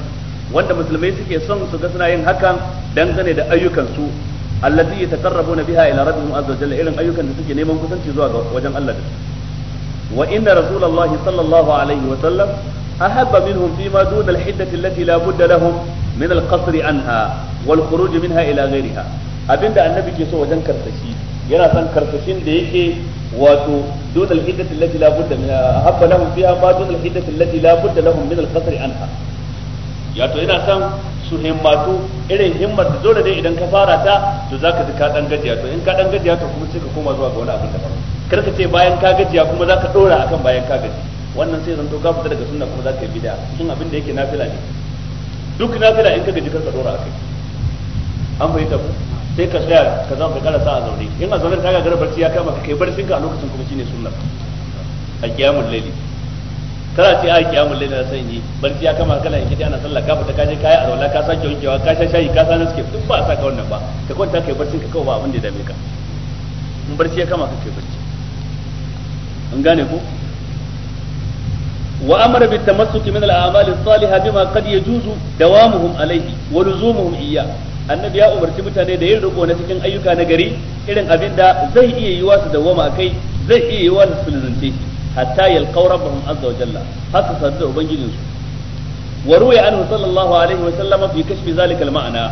wanda musulmai suke son su ga suna yin hakan dangane da ayyukansu allati yataqarrabuna biha ila rabbihim azza jalla irin ayyukan da suke neman kusanci zuwa ga wajen Allah wa inna rasulullahi sallallahu alaihi wa sallam ahabba minhum fi ma duna alhiddati allati la budda lahum min alqasr anha wal khuruj minha ila ghayriha abinda annabi ke so wajen karsashi yana son karsashin da yake wato دون الحدة التي لا بد من أحب لهم فيها ما دون الحدة التي لا بد لهم من القصر anha ya to ina san su himmatu irin himmar da dole dai idan ka fara ta to zaka ji ka dan gajiya to in ka dan gajiya to kuma sai ka koma zuwa ga wani abin daban kar ka ce bayan ka gajiya kuma zaka dora akan bayan ka gaji wannan sai to ka fita daga sunna kuma zaka yi bid'a cikin abin da yake nafila ne duk nafila in ka gaji ka dora akai an fahimta ku sai ka tsaya ka zama ka karasa a zaune in a zaune ta gagara barci ya kama ka kai barcin ka a lokacin kuma shine sunna a kiyamul laili kana ce a kiyamul laili na san yi barci ya kama kana yake ana sallah ka fita ka je kai arwala ka sake wankewa ka sha shayi ka sana suke duk ba sa ka wannan ba ka kwanta kai barcin ka kawai ba abin da ya dame ka in barci ya kama ka kai barci an gane ko وأمر بالتمسك من الأعمال الصالحة بما قد يجوز دوامهم عليه ولزومهم إياه annabi ya umarci mutane da yin riko na cikin ayyuka na gari irin abin da zai iya yiwa su dawwama kai zai iya wa su sulzunce hatta yalqaw rabbahum azza wa jalla haka sadu da ubangijin su wa ruwaya anhu sallallahu alaihi wa sallama fi kashfi zalika al ma'ana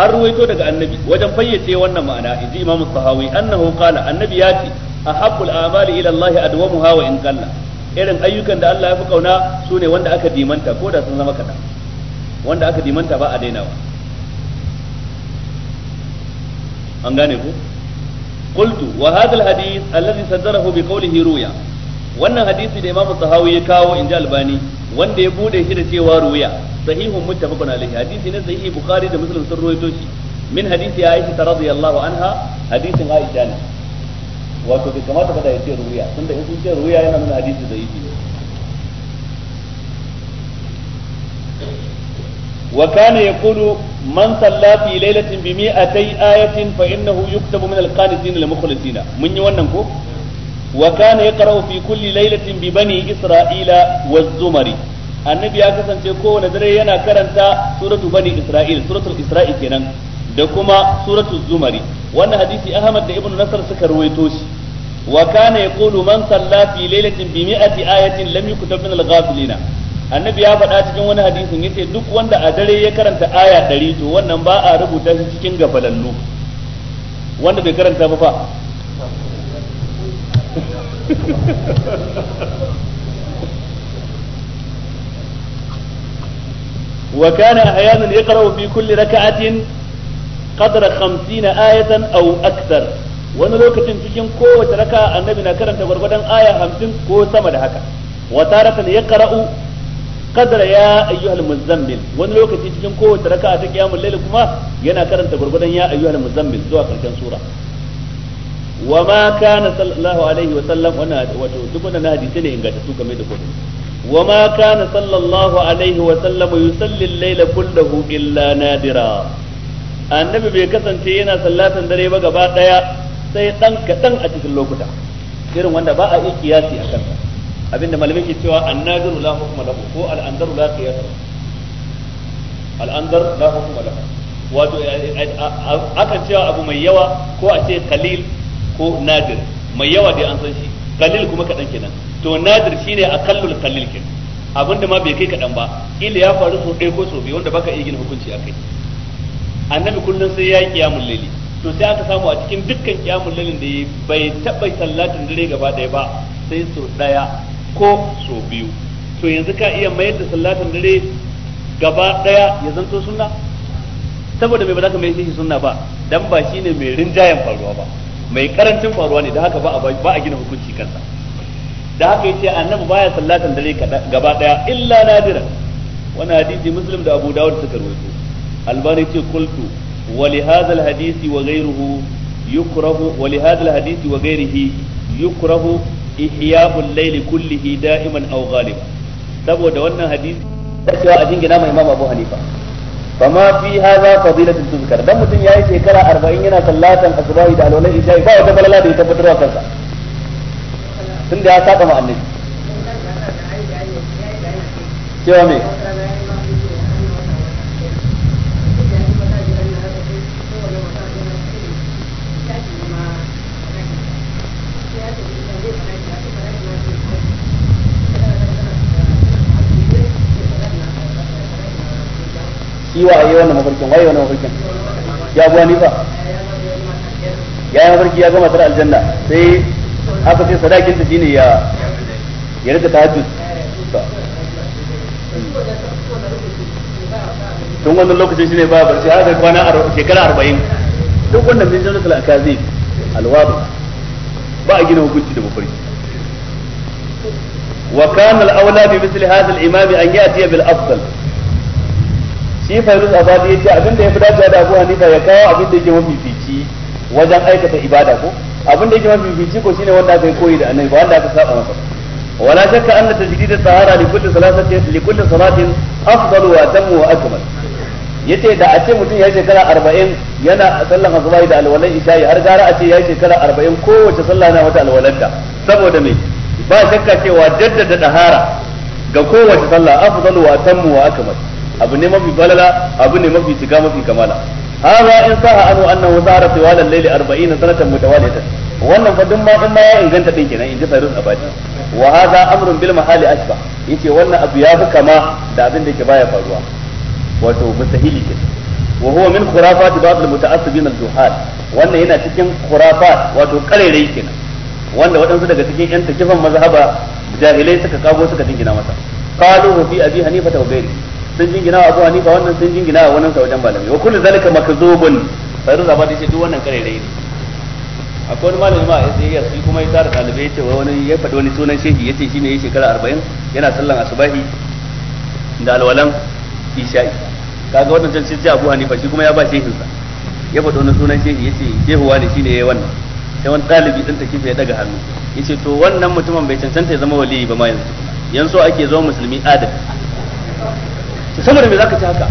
an ruwaito daga annabi wajen fayyace wannan ma'ana idan imamu sahawi annahu qala annabi ya ce ahabbul a'mali ila Allah adwamuha wa in qalla irin ayyukan da Allah ya fi kauna sune wanda aka dimanta ko da sun zama kaɗan wanda aka dimanta ba a dainawa an gane ku qultu wa hadha alhadith alladhi bi qawlihi ruya wannan hadisi da imamu sahawi ya kawo inji albani wanda ya bude shi da cewa ruya sahihun muttafaqun alaihi hadisi ne sahihi bukhari da muslim sun ruwaito shi min hadisi aisha radiyallahu anha hadisin aisha ne wato bai kamata ba da ya ce ruya tunda in sun ce ruya yana nuna hadisi da wa ya yaqulu man salla fi lailatin bi mi'atay ayatin fa innahu yuktabu min al-qanitin al-mukhlisina mun yi wannan ko wa kana yaqra'u fi kulli lailatin bi bani isra'ila waz-zumari annabi ya kasance kowane dare yana karanta suratu bani isra'il suratul isra'i kenan da kuma suratul zumari wannan hadisi ahmad da ibnu nasar suka ruwaito shi wa ya yaqulu man salla fi lailatin bi mi'ati ayatin lam yuktab min al-ghafilina annabi ya faɗa cikin wani hadisin yace duk wanda a dare ya karanta aya ɗari to wannan ba a rubuta shi cikin gafalallu wanda bai karanta ba fa وكان أحيانا يقرأ في كل ركعة قدر خمسين آية أو أكثر wani lokacin cikin kowace raka annabi na karanta gwargwadon aya hamsin ko sama da haka wa taratan ya qara'u qadra ya ayyuhal muzammil wani lokaci cikin kowace raka'a ta qiyamul layl kuma yana karanta gurgudan ya ayyuhal muzammil zuwa karshen sura wa ma kana sallallahu alaihi wa sallam wannan wato duk wannan hadisi ne ingantattu game da kudi wa ma kana sallallahu alaihi wa sallam annabi bai kasance yana sallatan dare ba gaba daya sai dan kadan a cikin lokuta irin wanda ba a yi kiyasi a kansa abinda malamai ke cewa annadiru la hukuma lahu ko al'andaru la qiyas al'andar la hukuma lahu wato eh, eh, eh, akan cewa abu mai yawa ko a ce kalil ko nadir mai yawa dai an san shi kalil kuma kadan kenan to nadir shine akallul kalil kenan abinda ma bai kai kadan ba ila ya faru so ɗaya ko so biyu wanda baka iya gina hukunci akai annabi kullun sai ya yi kiyamul laili to sai aka samu a cikin dukkan kiyamul lailin da bai taba sallatin dare gaba daya ba sai so daya ko sau biyu to yanzu ka iya mayar da sallatin dare gaba daya ya zanto sunna saboda mai ba za ka mai shi sunna ba dan ba ne mai rinjayen faruwa ba mai karancin faruwa ne da haka ba a gina hukunci kansa da haka yace annabi baya sallatan dare gaba daya illa nadira wani hadisi muslim da abu dawud suka rawaito albani yace qultu wa li hadha al hadisi wa ghayruhu yukrahu yukrahu ihya'ul layli kullihi da'iman aw ghalib saboda wannan hadisi ta cewa a jingina mai imam Abu Hanifa fama fi hadha fadilatun tuzkar dan mutum yayi shekara 40 yana sallatan asbahi da alwalai isha'i ba wata balala da ya tabbatar wa kansa tunda ya saba ma annabi cewa me shi wa ayi wannan mafarkin wai wannan mafarkin ya buwa ni fa ya yi mafarki ya gama tsara aljanna sai aka ce sadakin ta shine ya ya rika tahajjud tun wannan lokacin shine ba barci har sai kwana shekara 40 duk wannan bin jannatul akazi alwabu ba a gina hukunci da mafarki وكان الأولى بمثل هذا الإمام أن يأتي بالأفضل shi a azadi ya ce abin da ya fi dacewa da abu hanifa ya kawo abin da yake mafifici wajen aikata ibada ko abin da yake mafifici ko shine wanda aka yi koyi da annabi ba wanda aka saba masa at-tahara li kulli تجديد li kulli صلاة afdal wa أفضل wa akmal yace da a ce mutum ya shekara arba'in yana sallan asuba da alwalai isha'i har gara a ce ya shekara arba'in kowace sallah na wata alwalanta saboda me ba shakka cewa jaddada tahara ga kowace sallah afdal wa tammu wa akmal abu ne mafi balala abu ne mafi shiga mafi kamala hadha in sa anhu annahu sahara tiwala al-layli 40 sanatan mutawaliyatan wannan fa duk ma in ma ya inganta din kenan in ji sarrun abadi wa hadha amrun bil mahali ashba yace wannan abu ya fi kama da abin da ke baya faruwa wato mustahili kenan وهو من خرافات بعض al الجهال wannan yana cikin khurafat wato karerai kenan wanda waɗansu daga cikin yan takifan mazhaba jahilai suka kago suka dingina masa qalu fi abi hanifa wa ghairi sun jingina wa Abu Hanifa wannan sun jingina wa wannan sa wajen malami wa kullu zalika makzubun sai da bada ce duk wannan kare rai ne akwai wani malami ma sai ya sai kuma ya tara dalibai ce wani ya faɗi wani sunan shehi yace shine yayi shekara 40 yana sallan asubahi da alwalan isha'i kaga wannan can sai Abu Hanifa shi kuma ya ba shehin sa ya faɗi wani sunan shehi yace shehuwa ne shine yayi wannan sai wani dalibi din take ya daga hannu yace to wannan mutumin bai cancanta ya zama waliyi ba ma yanzu yanzu ake zama musulmi adal to saboda me zaka ci haka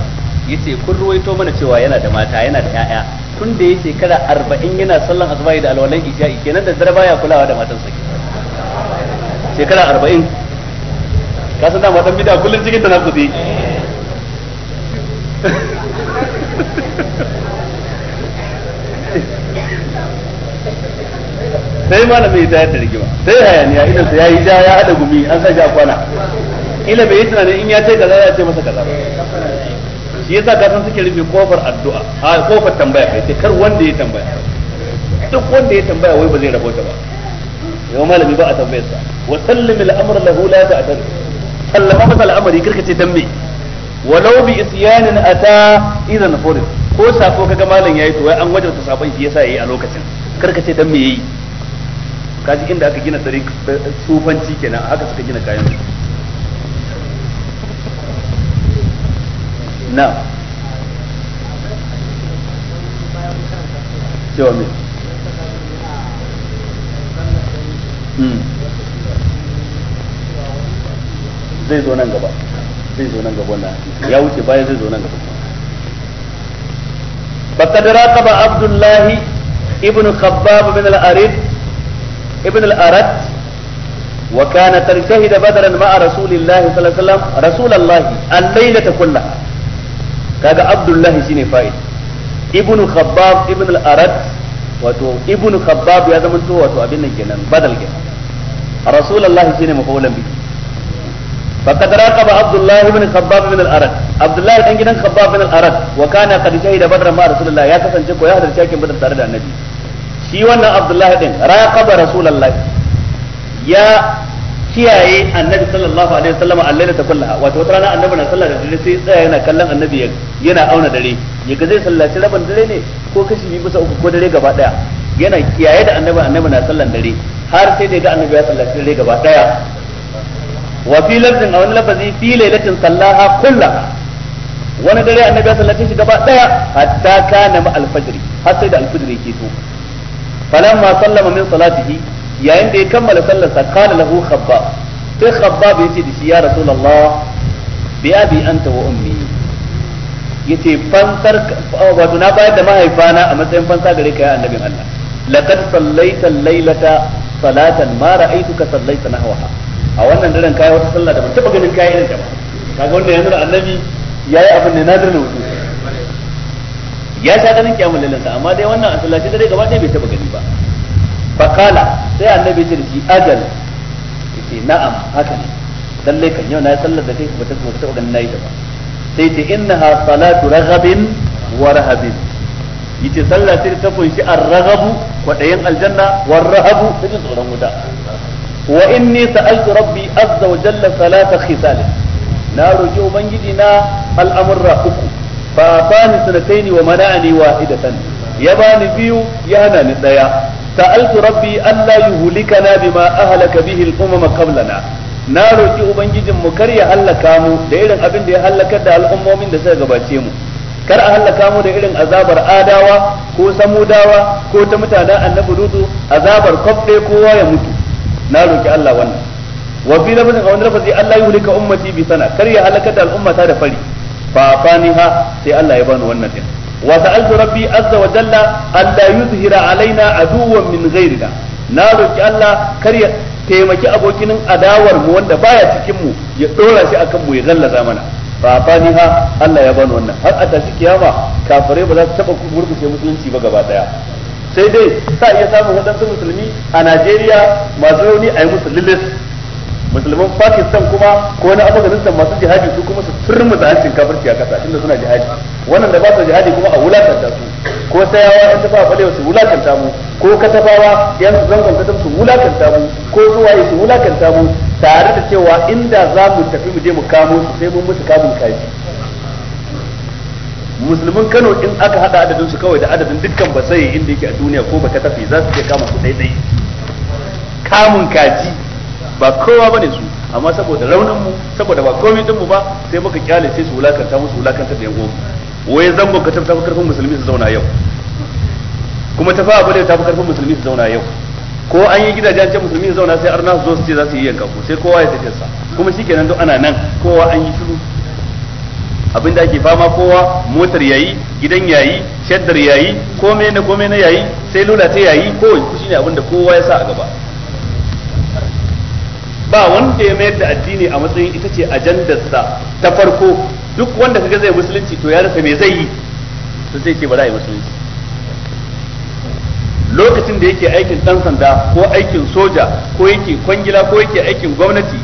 yace kun ruwaito mana cewa yana da mata yana da ƴaƴa tun da ya kada arba'in yana sallan azbayi da alwalan isha'i kenan da dare baya kulawa da matan matansa shekara arba'in ka san da matan bida kullun cikin kudi sai malami ya tayar da rigima sai hayaniya idan sa yayi ja ya hada gumi an sa shi a kwana ila bai yi tunanin in ya ce kaza ya ce masa kaza ba shi yasa ka san suke rufe kofar addu'a a kofar tambaya kai kar wanda ya tambaya duk wanda ya tambaya wai ba zai rabota ba yau malami ba a sa wa sallim al lahu la ta'dal sallama masa al'amari ka ce dan me walau bi isyanin ata idan furid ko sako kaga malam yayi to wai an wajarta sabon shi yasa yayi a lokacin karka ce dan me yayi kaji inda aka gina tsari sufanci kenan haka suka gina kayan su na cewa me zai zo nan gaba zai zo nan gaba wannan ya wuce bayan zai zo nan gaba فقد راقب عبد الله ابن خباب بن الأرد ابن الأرد وكان قد شهد بدرا مع رسول الله صلى الله عليه وسلم رسول الله الليلة كلها kaga abdullahi shine fa'il ibnu khabbab ibn al-arad wato ibnu khabbab ya zama to wato abin nan kenan badal kenan rasulullahi shine mafulan bi faqad raqaba abdullahi ibn khabbab ibn al-arad abdullahi dan gidan khabbab ibn al-arad wa kana qad shahida badra ma rasulullahi ya kasance ko ya hadarci yakin badar tare da annabi shi wannan abdullahi din raqaba rasulullahi ya kiyaye annabi sallallahu alaihi wasallam allaila ta kullaha wato wata rana annabi na sallah da dare sai tsaya yana kallon annabi yana auna dare yaga zai sallaci rabin dare ne ko kashi biyu bisa uku ko dare gaba daya yana kiyaye da annabi annabi na sallan dare har sai da ga annabi ya sallaci dare gaba daya wa fi lafzin a wani lafazi fi lailatin sallaha kullaha wani dare annabi ya sallaci shi gaba daya hatta kana ma alfajri har sai da alfajri ke to falamma sallama min salatihi yayin da ya kammala sallar sa kana lahu khabba sai khabba bai ce shi ya rasulullah bi abi anta wa ummi yace fansar wato na bayar da mahaifana a matsayin fansa gare ka ya annabin Allah laqad sallaita laylata salatan ma ra'aytuka sallaita nahwaha a wannan daren kai wata sallah da ban taba ganin kai irin ta ba kaga wannan yanzu annabi yayi abin da nadir na wuce ya sha ganin kiyamul lailata amma dai wannan a da dare gaba ɗaya bai taba gani ba fakala sai annabi ya ce da shi ajal yace na'am haka ne lallai kan yau na yi sallar da kai ba ta taɓa ganin nayi ta ba sai ce innaha salatu raghabin wa rahabin yace sallah sai ta kunshi ar-raghabu kwadayin aljanna war rahabu sai tsoron wuta wa inni sa'altu rabbi azza wa jalla salata khisal na roki ubangiji na al'amurra uku fa bani sanataini wa mana'ani wahidatan ya bani biyu ya hana ni daya سألت rabbi alla yuhlikana bima ahlaka bihi al-umam na roki ubangijin mu kar ya halaka mu da irin abin da ya halakar da al'ummomin da suka gabace mu kar a halaka mu da irin azabar adawa ko samudawa ko ta mutanen annabi lutu azabar kwabde kowa ya mutu na roki Allah wannan wa fi lafazin a wani lafazi Allah yuhlika ummati bi sana kar ya halakar da al'ummata da fari fa faniha sai Allah ya bani wannan din وسألت ربي عز وجل أن a يظهر علينا عدوا Na roki Allah kar ya taimaki abokin adawar mu wanda baya cikin mu ya dora shi akan mu ya gallaza mana fa fani ha Allah ya bani wannan har a tashi kiyama kafare ba za su taba burkushe musulunci ba gaba daya sai dai sa iya samun wadansu musulmi a Najeriya masu rauni a yi musu lilis musulman Pakistan kuma ko na Afganistan masu jihadi su kuma su turmu da hancin kafirci a kasa tunda suna jihadi wannan da ba su jihadi kuma a wulakanta su ko sayawa yan tafa balewa su wulakanta mu ko katafawa yan zangon katam su wulakanta mu ko zuwaye su wulakanta mu tare da cewa inda za mu tafi mu je mu kamo su sai mun musu kamun kaji musulmin Kano in aka hada adadin su kawai da adadin dukkan ba sai inda yake a duniya ko ba ta tafi za su je kama su daidai kamun kaji ba kowa bane su amma saboda raunin mu saboda ba komai din mu ba sai muka kyalace sai su wulakanta musu wulakanta da yan uwan waye zango ka tafi karfin musulmi su zauna yau kuma tafi abu da tafi karfin musulmi su zauna yau ko an yi gidajen ce musulmi su zauna sai arna su zo su ce za su yi yanka ko sai kowa ya tafi sa kuma shikenan duk ana nan kowa an yi shiru abin da ake fama kowa motar yayi gidan yayi shaddar yayi komai na komai na yayi sai lula ta yayi ko shine abin da kowa ya sa a gaba ba wanda ya mayar da addini a matsayin ita ce ajandarsa ta farko duk wanda kaga zai musulunci to ya rasa me zai yi to zai ce ba za a yi musulunci lokacin da yake aikin dan sanda ko aikin soja ko yake kwangila ko yake aikin gwamnati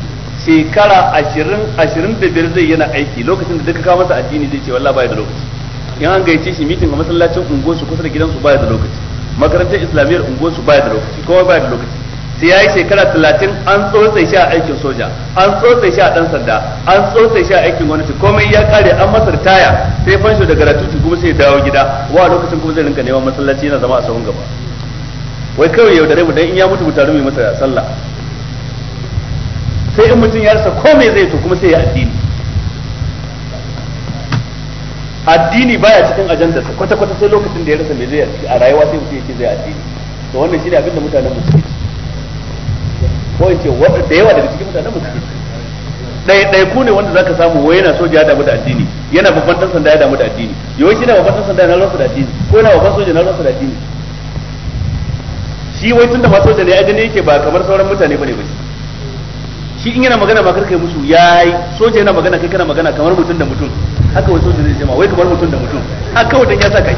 shekara ashirin ashirin da biyar zai yana aiki lokacin da duka kawo masa addini zai ce wallahi baya da lokaci in an gaice shi mitin a masallacin unguwarsu kusa da gidansu baya da lokaci makarantar islamiyyar unguwarsu baya da lokaci kowa baya da lokaci sai yi shekara talatin an tsotse shi a aikin soja an tsotse shi a dan sanda an tsotse shi a aikin gwamnati komai ya kare an masa ritaya sai fansho daga ratutu kuma sai dawo gida wa lokacin kuma zai rinka neman masallaci yana zama a sahun gaba wai kawai yaudare mu dan in ya mutu mutane mai masa sallah sai in mutum ya rasa komai zai to kuma sai ya addini addini baya cikin ajandarsa kwata-kwata sai lokacin da ya rasa mai zai a rayuwa sai mutum yake zai addini to wannan shine ne abinda mutanen mu suke ko in ce da yawa daga cikin mutanen musu ɗaya ɗaya ku ne wanda zaka samu wai yana soja ya damu da addini yana babban dan sanda ya damu da addini shi ne babban dan sanda yana rasa da addini ko yana babban soja na rasa da addini shi wai tunda ma soja ne ajini yake ba kamar sauran mutane bane ba shi in yana magana ma karkai musu yayi soja yana magana kai kana magana kamar mutum da mutum haka wai soja zai ce ma wai kamar mutum da mutum haka wadan ya sa kai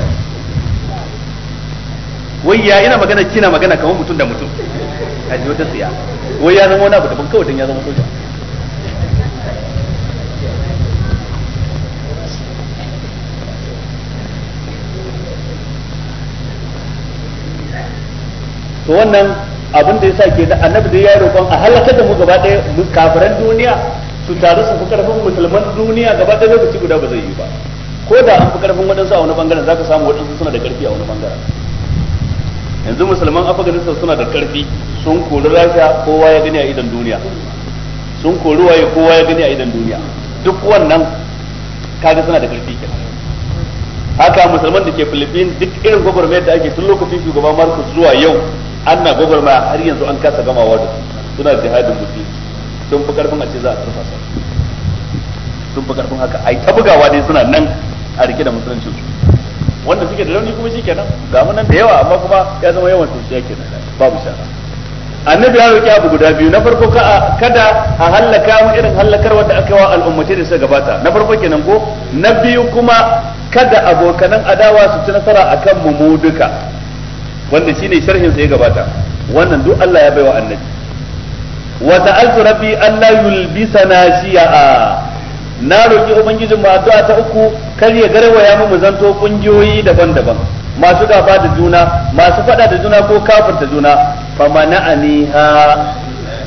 wai ya ina magana kina magana kamar mutum da mutum a ji wata tsiya wai ya zama wani abu daban kawai don ya zama soja to wannan abin da yasa ke da annabi da ya roƙon a halaka da mu gaba ɗaya kafiran duniya su taru su fi karfin musulman duniya gaba ɗaya lokaci guda ba zai yi ba ko da an fi karfin waɗansu a wani bangaren ka samu waɗansu suna da ƙarfi a wani bangaren yanzu musulman afganistan suna da karfi sun kori rasha kowa ya gani a idan duniya sun kori waye kowa ya gani a idan duniya duk wannan kaga suna da karfi kenan haka musulman da ke filifin duk irin gwagwarmaya da ake tun lokacin shugaba marcus zuwa yau an na gwagwarmaya har yanzu an kasa gamawa da suna jihadin musulmi sun fi karfin a ce za a turfasa sun fi karfin haka ai ta bugawa dai suna nan a rike da musulunci wanda suke da launi kuma kenan, ga mun nan da yawa amma kuma ya zama yawan shi kenan babu shara annabi ya roki abu guda biyu na farko kada a hallaka mu irin hallakar wanda aka wa al'ummati da suka gabata na farko kenan ko na biyu kuma kada abokanan adawa su ci nasara akan mu mu duka wanda shine sharhin sa ya gabata wannan duk Allah ya baiwa annabi wa ta'altu rabbi la yulbisana shi'a na roki ubangijin mu addu'a ta uku kar ya garwaya mu mu zanto kungiyoyi daban-daban masu gaba da juna masu fada da juna ko kafirta juna fa mana'ani ha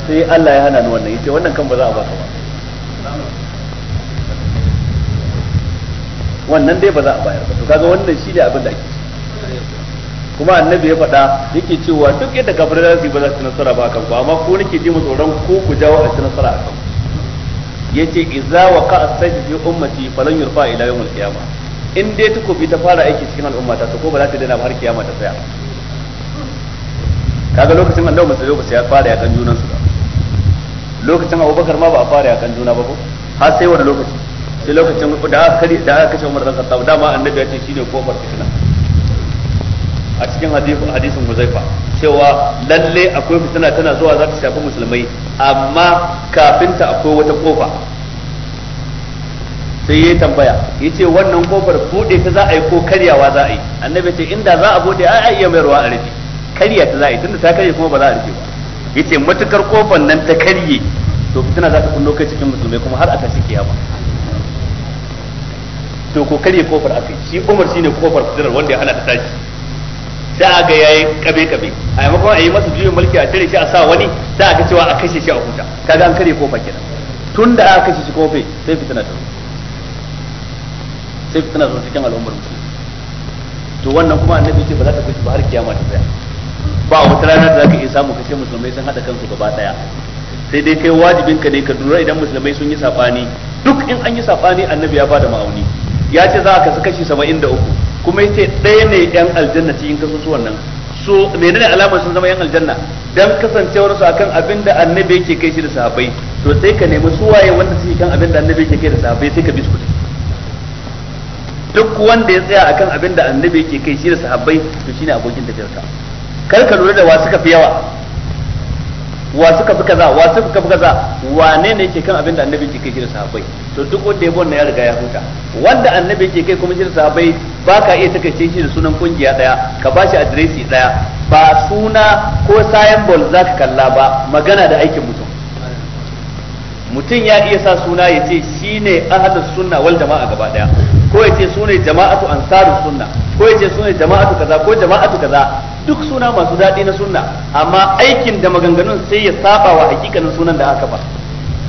sai Allah ya hana ni wannan yace wannan kan ba za a baka ba wannan dai ba za a bayar ba to kaga wannan shi ne abin da ake kuma annabi ya faɗa yake cewa duk yadda kafirai za su yi ba za su nasara ba kan ku amma ko nake ji mu tsoron ko ku jawo a ci nasara a kan yace idza waqa as-sayf fi ummati falan yurfa ila yawm al-qiyamah in dai takobi ta fara aiki cikin al'umma to ko ba za ta daina har kiyama ta tsaya kaga lokacin annabi musulmi ba sai ya fara kan junan su ba lokacin abubakar ma ba a fara ya kan juna ba ko har sai wani lokaci sai lokacin da aka kare da kashe Umar da Khattab dama annabi ya ce shine kofar fitina a cikin hadisin Huzaifa cewa lalle akwai fitina tana zuwa za ta shafi musulmai amma kafinta akwai wata kofa sai yi tambaya ya ce wannan kofar bude ta za a yi ko karyawa za a yi annabi ce inda za a bude ai ya mai ruwa a rufe karya ta za a yi tunda ta karye kuma ba za a rufe ba ce matukar kofar nan ta karye to fitina za ta kunno kai cikin musulmai kuma har a tashi kiyama to ko karye kofar kai shi Umar shine kofar fitinar wanda ya hana ta tashi sai ga yayi kabe kabe a maimakon a yi masa juyin mulki a tare shi a sa wani sai ga cewa a kashe shi a huta kaga an kare kofa kenan tun da aka kashe shi kofe sai fitina ta sai fitina ta cikin al'ummar musulmi to wannan kuma annabi ce ba za ta kashe ba har kiyama ta tsaya ba wata rana da zaka iya samu kashe musulmai sun hada kansu gaba daya sai dai kai wajibin ka ne ka dura idan musulmai sun yi sabani duk in an yi sabani annabi ya bada ma'auni ya ce za ka kashi 73 kuma yace ɗaya ne yan aljanna cikin kasusu wannan so menene alamar sun zama yan aljanna dan kasancewar su akan abin da annabi yake kai shi da sahabbai to sai ka nemi su waye wanda suke kan abin da annabi yake kai da sahabbai sai ka bi su duk wanda ya tsaya akan abin da annabi yake kai shi da sahabbai to shine abokin tafiyarka kar ka lura da wasu ka fi yawa wa suka fi kaza wa suka fi kaza wane ne yake kan abin da annabi ke kai shi da sahabbai to duk wanda ya bonna ya riga ya huta wanda annabi yake kai kuma shi da sahabbai ba ka iya ce shi da sunan kungiya daya ka bashi adiresi daya ba suna ko sayan bol za ka kalla ba magana da aikin mutum mutum ya iya sa suna ya ce shi shine ahlus sunna wal jama'a gaba daya ko ya ce sune jama'atu ansarus sunna ko yace ne jama'atu kaza ko jama'atu kaza duk suna masu daɗi na sunna amma aikin da maganganun sai ya saba wa hakikanin sunan da aka ba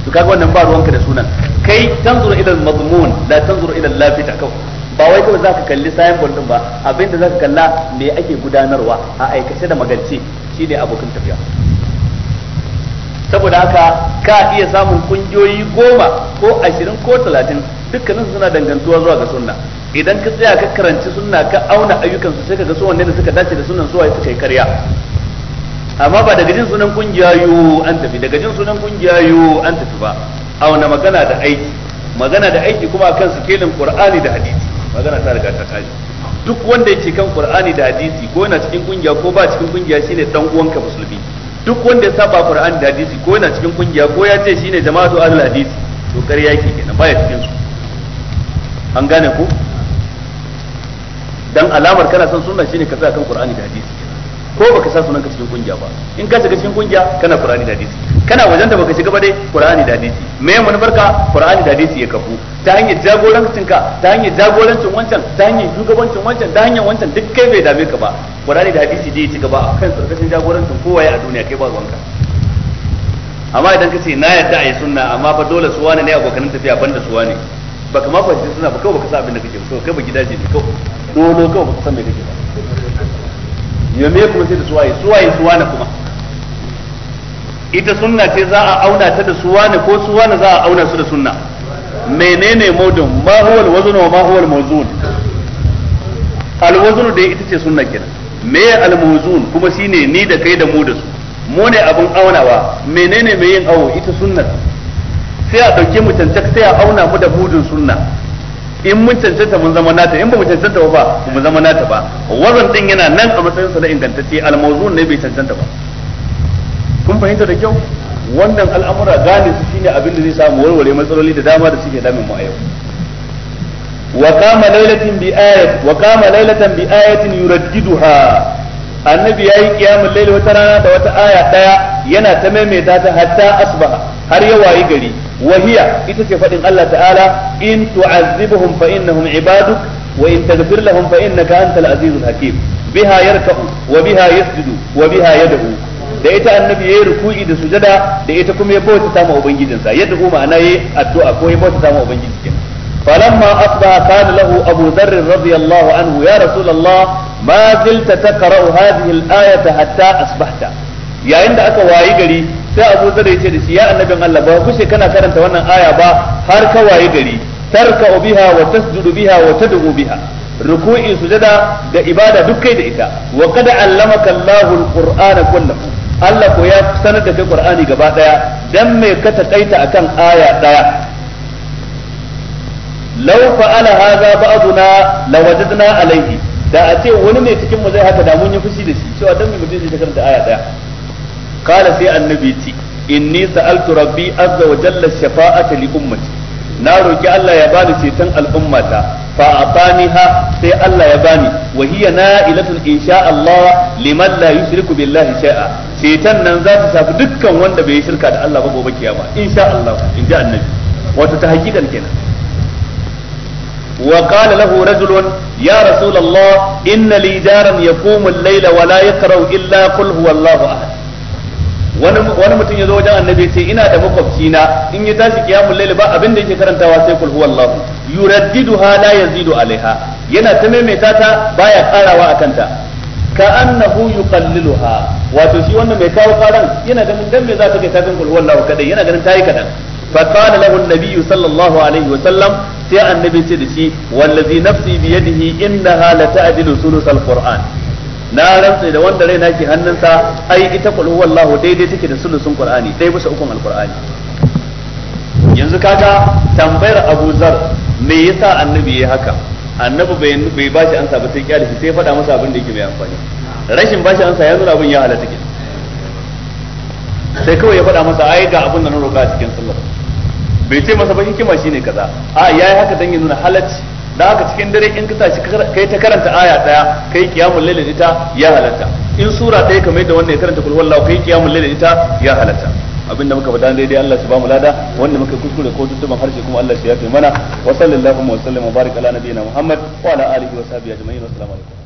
to kaga wannan ba ruwanka da sunan kai tanzuru ila mazmun la tanzuru ila lafita kawai ba wai kawai zaka kalli sayan bondin ba abinda zaka kalla me ake gudanarwa a aikace da magance shi ne abokin tafiya saboda haka ka iya samun kungiyoyi goma ko ashirin ko talatin dukkanin suna dangantuwa zuwa ga sunna idan ka tsaya ka karanci sunna ka auna ayyukan su sai ka ga su wanne ne suka dace da sunan suwaye suka yi karya amma ba daga jin sunan kungiya yo an tafi daga jin sunan kungiya yo an tafi ba auna magana da aiki magana da aiki kuma akan sikelin qur'ani da hadisi magana ta riga ta kai duk wanda yake kan qur'ani da hadisi ko yana cikin kungiya ko ba cikin kungiya shine dan uwanka musulmi duk wanda ya saba qur'ani da hadisi ko yana cikin kungiya ko ya ce shine jama'atu ahlul hadisi to ƙarya yake kenan baya cikin su an gane ko dan alamar kana son sunna shine ka tsaya kan Qur'ani da hadisi ko baka sa sunan ka cikin kungiya ba in ka shiga cikin kungiya kana Qur'ani da hadisi kana wajen da baka shiga ba dai Qur'ani da hadisi me mun barka Qur'ani da hadisi ya kafu ta hanyar jagorancin ka ta hanyar jagorancin wancan ta hanyar shugabancin wancan ta hanyar wancan duk kai bai dame ka ba Qur'ani da hadisi dai ya ci gaba kan sarkashin jagorancin kowa ya a duniya kai ba wanka. amma idan ka ce na yadda a yi sunna amma fa dole su wane ne abokan tafiya banda su wane ba kama fahimci suna ba kawai baka san abin da kake ba kawai kai ba gidaje ne kawai dolo kawai baka san me kake ba yame kuma sai da suwaye suwaye suwana kuma ita sunna ce za a auna ta da suwane ko suwane za a auna su da sunna menene maudun ma huwa alwazn wa ma huwa almawzun alwazn da ita ce sunna kenan me almawzun kuma shine ni da kai da mu da su mu ne abun aunawa menene mai yin awo ita sunnar sai a ɗauke mu cancak sai a auna mu da budin sunna in mun cancanta mun zama nata in ba mu cancanta ba mu zama nata ba wazan din yana nan a matsayin sa na ingantacce almawzun ne bai cancanta ba kun fahimta da kyau wannan al'amura gane su shine abin da zai samu warware matsaloli da dama da suke damin mu a yau wa kama lailatin bi ayat wa kama lailatan bi ayatin yuraddiduha annabi yayi qiyamul layl wata rana da wata aya daya yana ta maimaita ta hatta asbaha har ya gari wahiya ita ce fadin Allah ta'ala in tu'azzibuhum fa innahum ibaduk wa in taghfir lahum fa innaka antal azizul hakim biha wa biha wa biha da ita annabi yayi ruku'i da sujada da ita kuma ya bauta ta ma ubangijinsa yadda kuma ana yi addu'a ko ya bauta ta ma ubangiji فلما أصبح كان له أبو ذر رضي الله عنه يا ma الله ما زلت تقرأ هذه الآية حتى yayin da aka wayi gari. sai Abu zai ya ce da shi ya annabin Allah ba kushe kana karanta wannan aya ba har ka waye gari tarka biha wa tasjudu biha wa tad'u biha ruku'i sujada da ibada duk kai da ita wa qad allamaka Allahu alqur'ana kullahu Allah ko ya sanar da kai Qur'ani gaba daya dan me ka takaita akan aya daya law fa'ala hadha ba'duna lawajadna alayhi da a ce wani ne cikin mu zai haka da mun yi fushi da shi cewa dan me mutum zai karanta aya daya kala sai annabi ci inni sa'altu rabbi azza wa jalla shafa'ata li ummati na roki Allah ya bani ceton al'ummata fa ha sai Allah ya bani wa hiya na'ilatun insha Allah liman la yushriku billahi shay'a ceton nan za ta shafi dukkan wanda bai shirka da Allah ba gobe kiyama insha Allah inji annabi wato ta hakikan kenan وقال له رجل يا رسول الله إن لي جارا يقوم الليل ولا يقرأ إلا قل هو الله wani wani mutum ya zo wajen annabi sai ina da makwabci na in ya tashi kiyamul layl ba abin da yake karantawa sai kul huwallahu yuraddiduha la yazidu alaiha yana ta maimaita ta baya karawa akanta ta ka annahu yuqalliluha wato shi wannan mai kawo karan yana ganin dan me za ta kai ta kan kul huwallahu kadai yana ganin tayi kadan فقال له النبي صلى الله عليه وسلم سي النبي سيدشي والذي نفسي بيده إنها لتعدل ثلث القرآن na rantsa da wanda raina ke hannunsa ai ita kullu Wallahu daidai take da sulusun qur'ani dai bisa ukun alqur'ani yanzu kaga tambayar Abu Zar me yasa annabi yayi haka annabi bai bai bashi ansa ba sai kyale sai faɗa masa abin da yake mai amfani rashin bashi ansa ya nuna abin ya halatta ke sai kawai ya faɗa masa ai ga abin da na roƙa a cikin sallar bai ce masa ba hikima shine kaza a yayi haka dan ya nuna halacci da haka cikin dare in ka tashi kai ta karanta aya daya kai kiyamul laili ita ya halatta in sura daya kamar da wannan ya karanta kul wallahu kai kiyamul laili ita ya halatta abinda muka faɗa daidai Allah shi ba mu lada wanda muka kuskure ko tuntuban harshe kuma Allah shi ya fi mana wa sallallahu wa sallam wa barik ala nabiyina Muhammad wa ala alihi wa sahbihi ajma'in assalamu alaikum